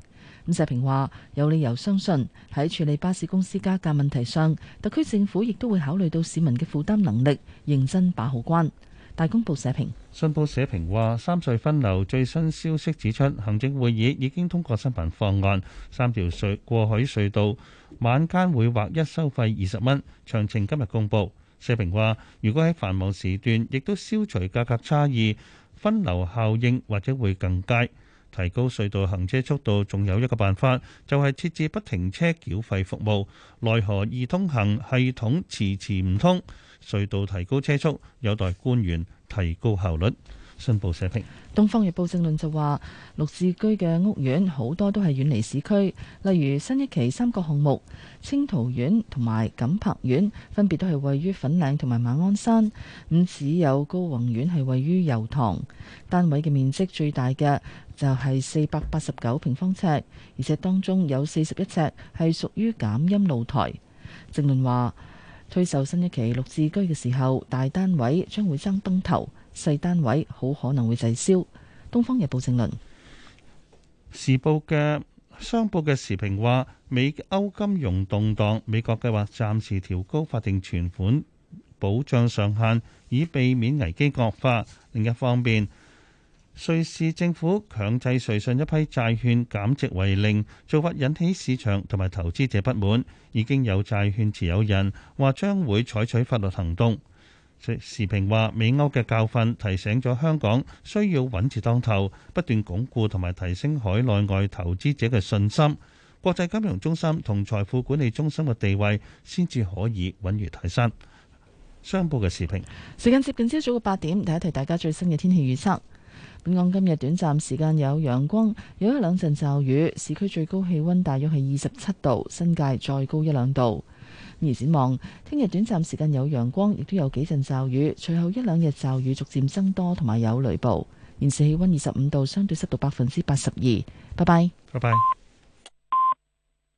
咁社評話，有理由相信喺處理巴士公司加價問題上，特區政府亦都會考慮到市民嘅負擔能力，認真把好關。大公報社評，信報社評話，三隧分流最新消息指出，行政會議已經通過新聞方案，三條隧過海隧道晚間會劃一收費二十蚊，詳情今日公布。社評話，如果喺繁忙時段亦都消除價格差異，分流效應或者會更佳，提高隧道行車速度。仲有一個辦法，就係、是、設置不停車繳費服務。奈何易通行系統遲遲唔通。隧道提高車速有待官員提高效率。新報社評，東方日報正論就話綠置居嘅屋苑好多都係遠離市區，例如新一期三個項目清濤苑同埋錦柏苑，分別都係位於粉嶺同埋馬鞍山。咁只有高宏苑係位於油塘。單位嘅面積最大嘅就係四百八十九平方尺，而且當中有四十一尺係屬於減陰露台。正論話。推售新一期六字居嘅時候，大單位將會爭東頭，細單位好可能會滯銷。《東方日報》正論，《時報》嘅商報嘅時評話：美歐金融動盪，美國計劃暫時調高法定存款保障上限，以避免危機惡化。另一方面。瑞士政府強制瑞信一批債券減值為零做法引起市場同埋投資者不滿，已經有債券持有人話將會採取法律行動。時評話美歐嘅教訓提醒咗香港需要穩字當頭，不斷鞏固同埋提升海內外投資者嘅信心，國際金融中心同財富管理中心嘅地位先至可以穩如泰山。商報嘅時評時間接近朝早嘅八點，提一提大家最新嘅天氣預測。本港今日短暫時間有陽光，有一兩陣驟雨。市區最高氣溫大約係二十七度，新界再高一兩度。而展望，聽日短暫時間有陽光，亦都有幾陣驟雨，隨後一兩日驟雨逐漸增多，同埋有雷暴。現時氣溫二十五度，相對濕度百分之八十二。拜拜，拜拜。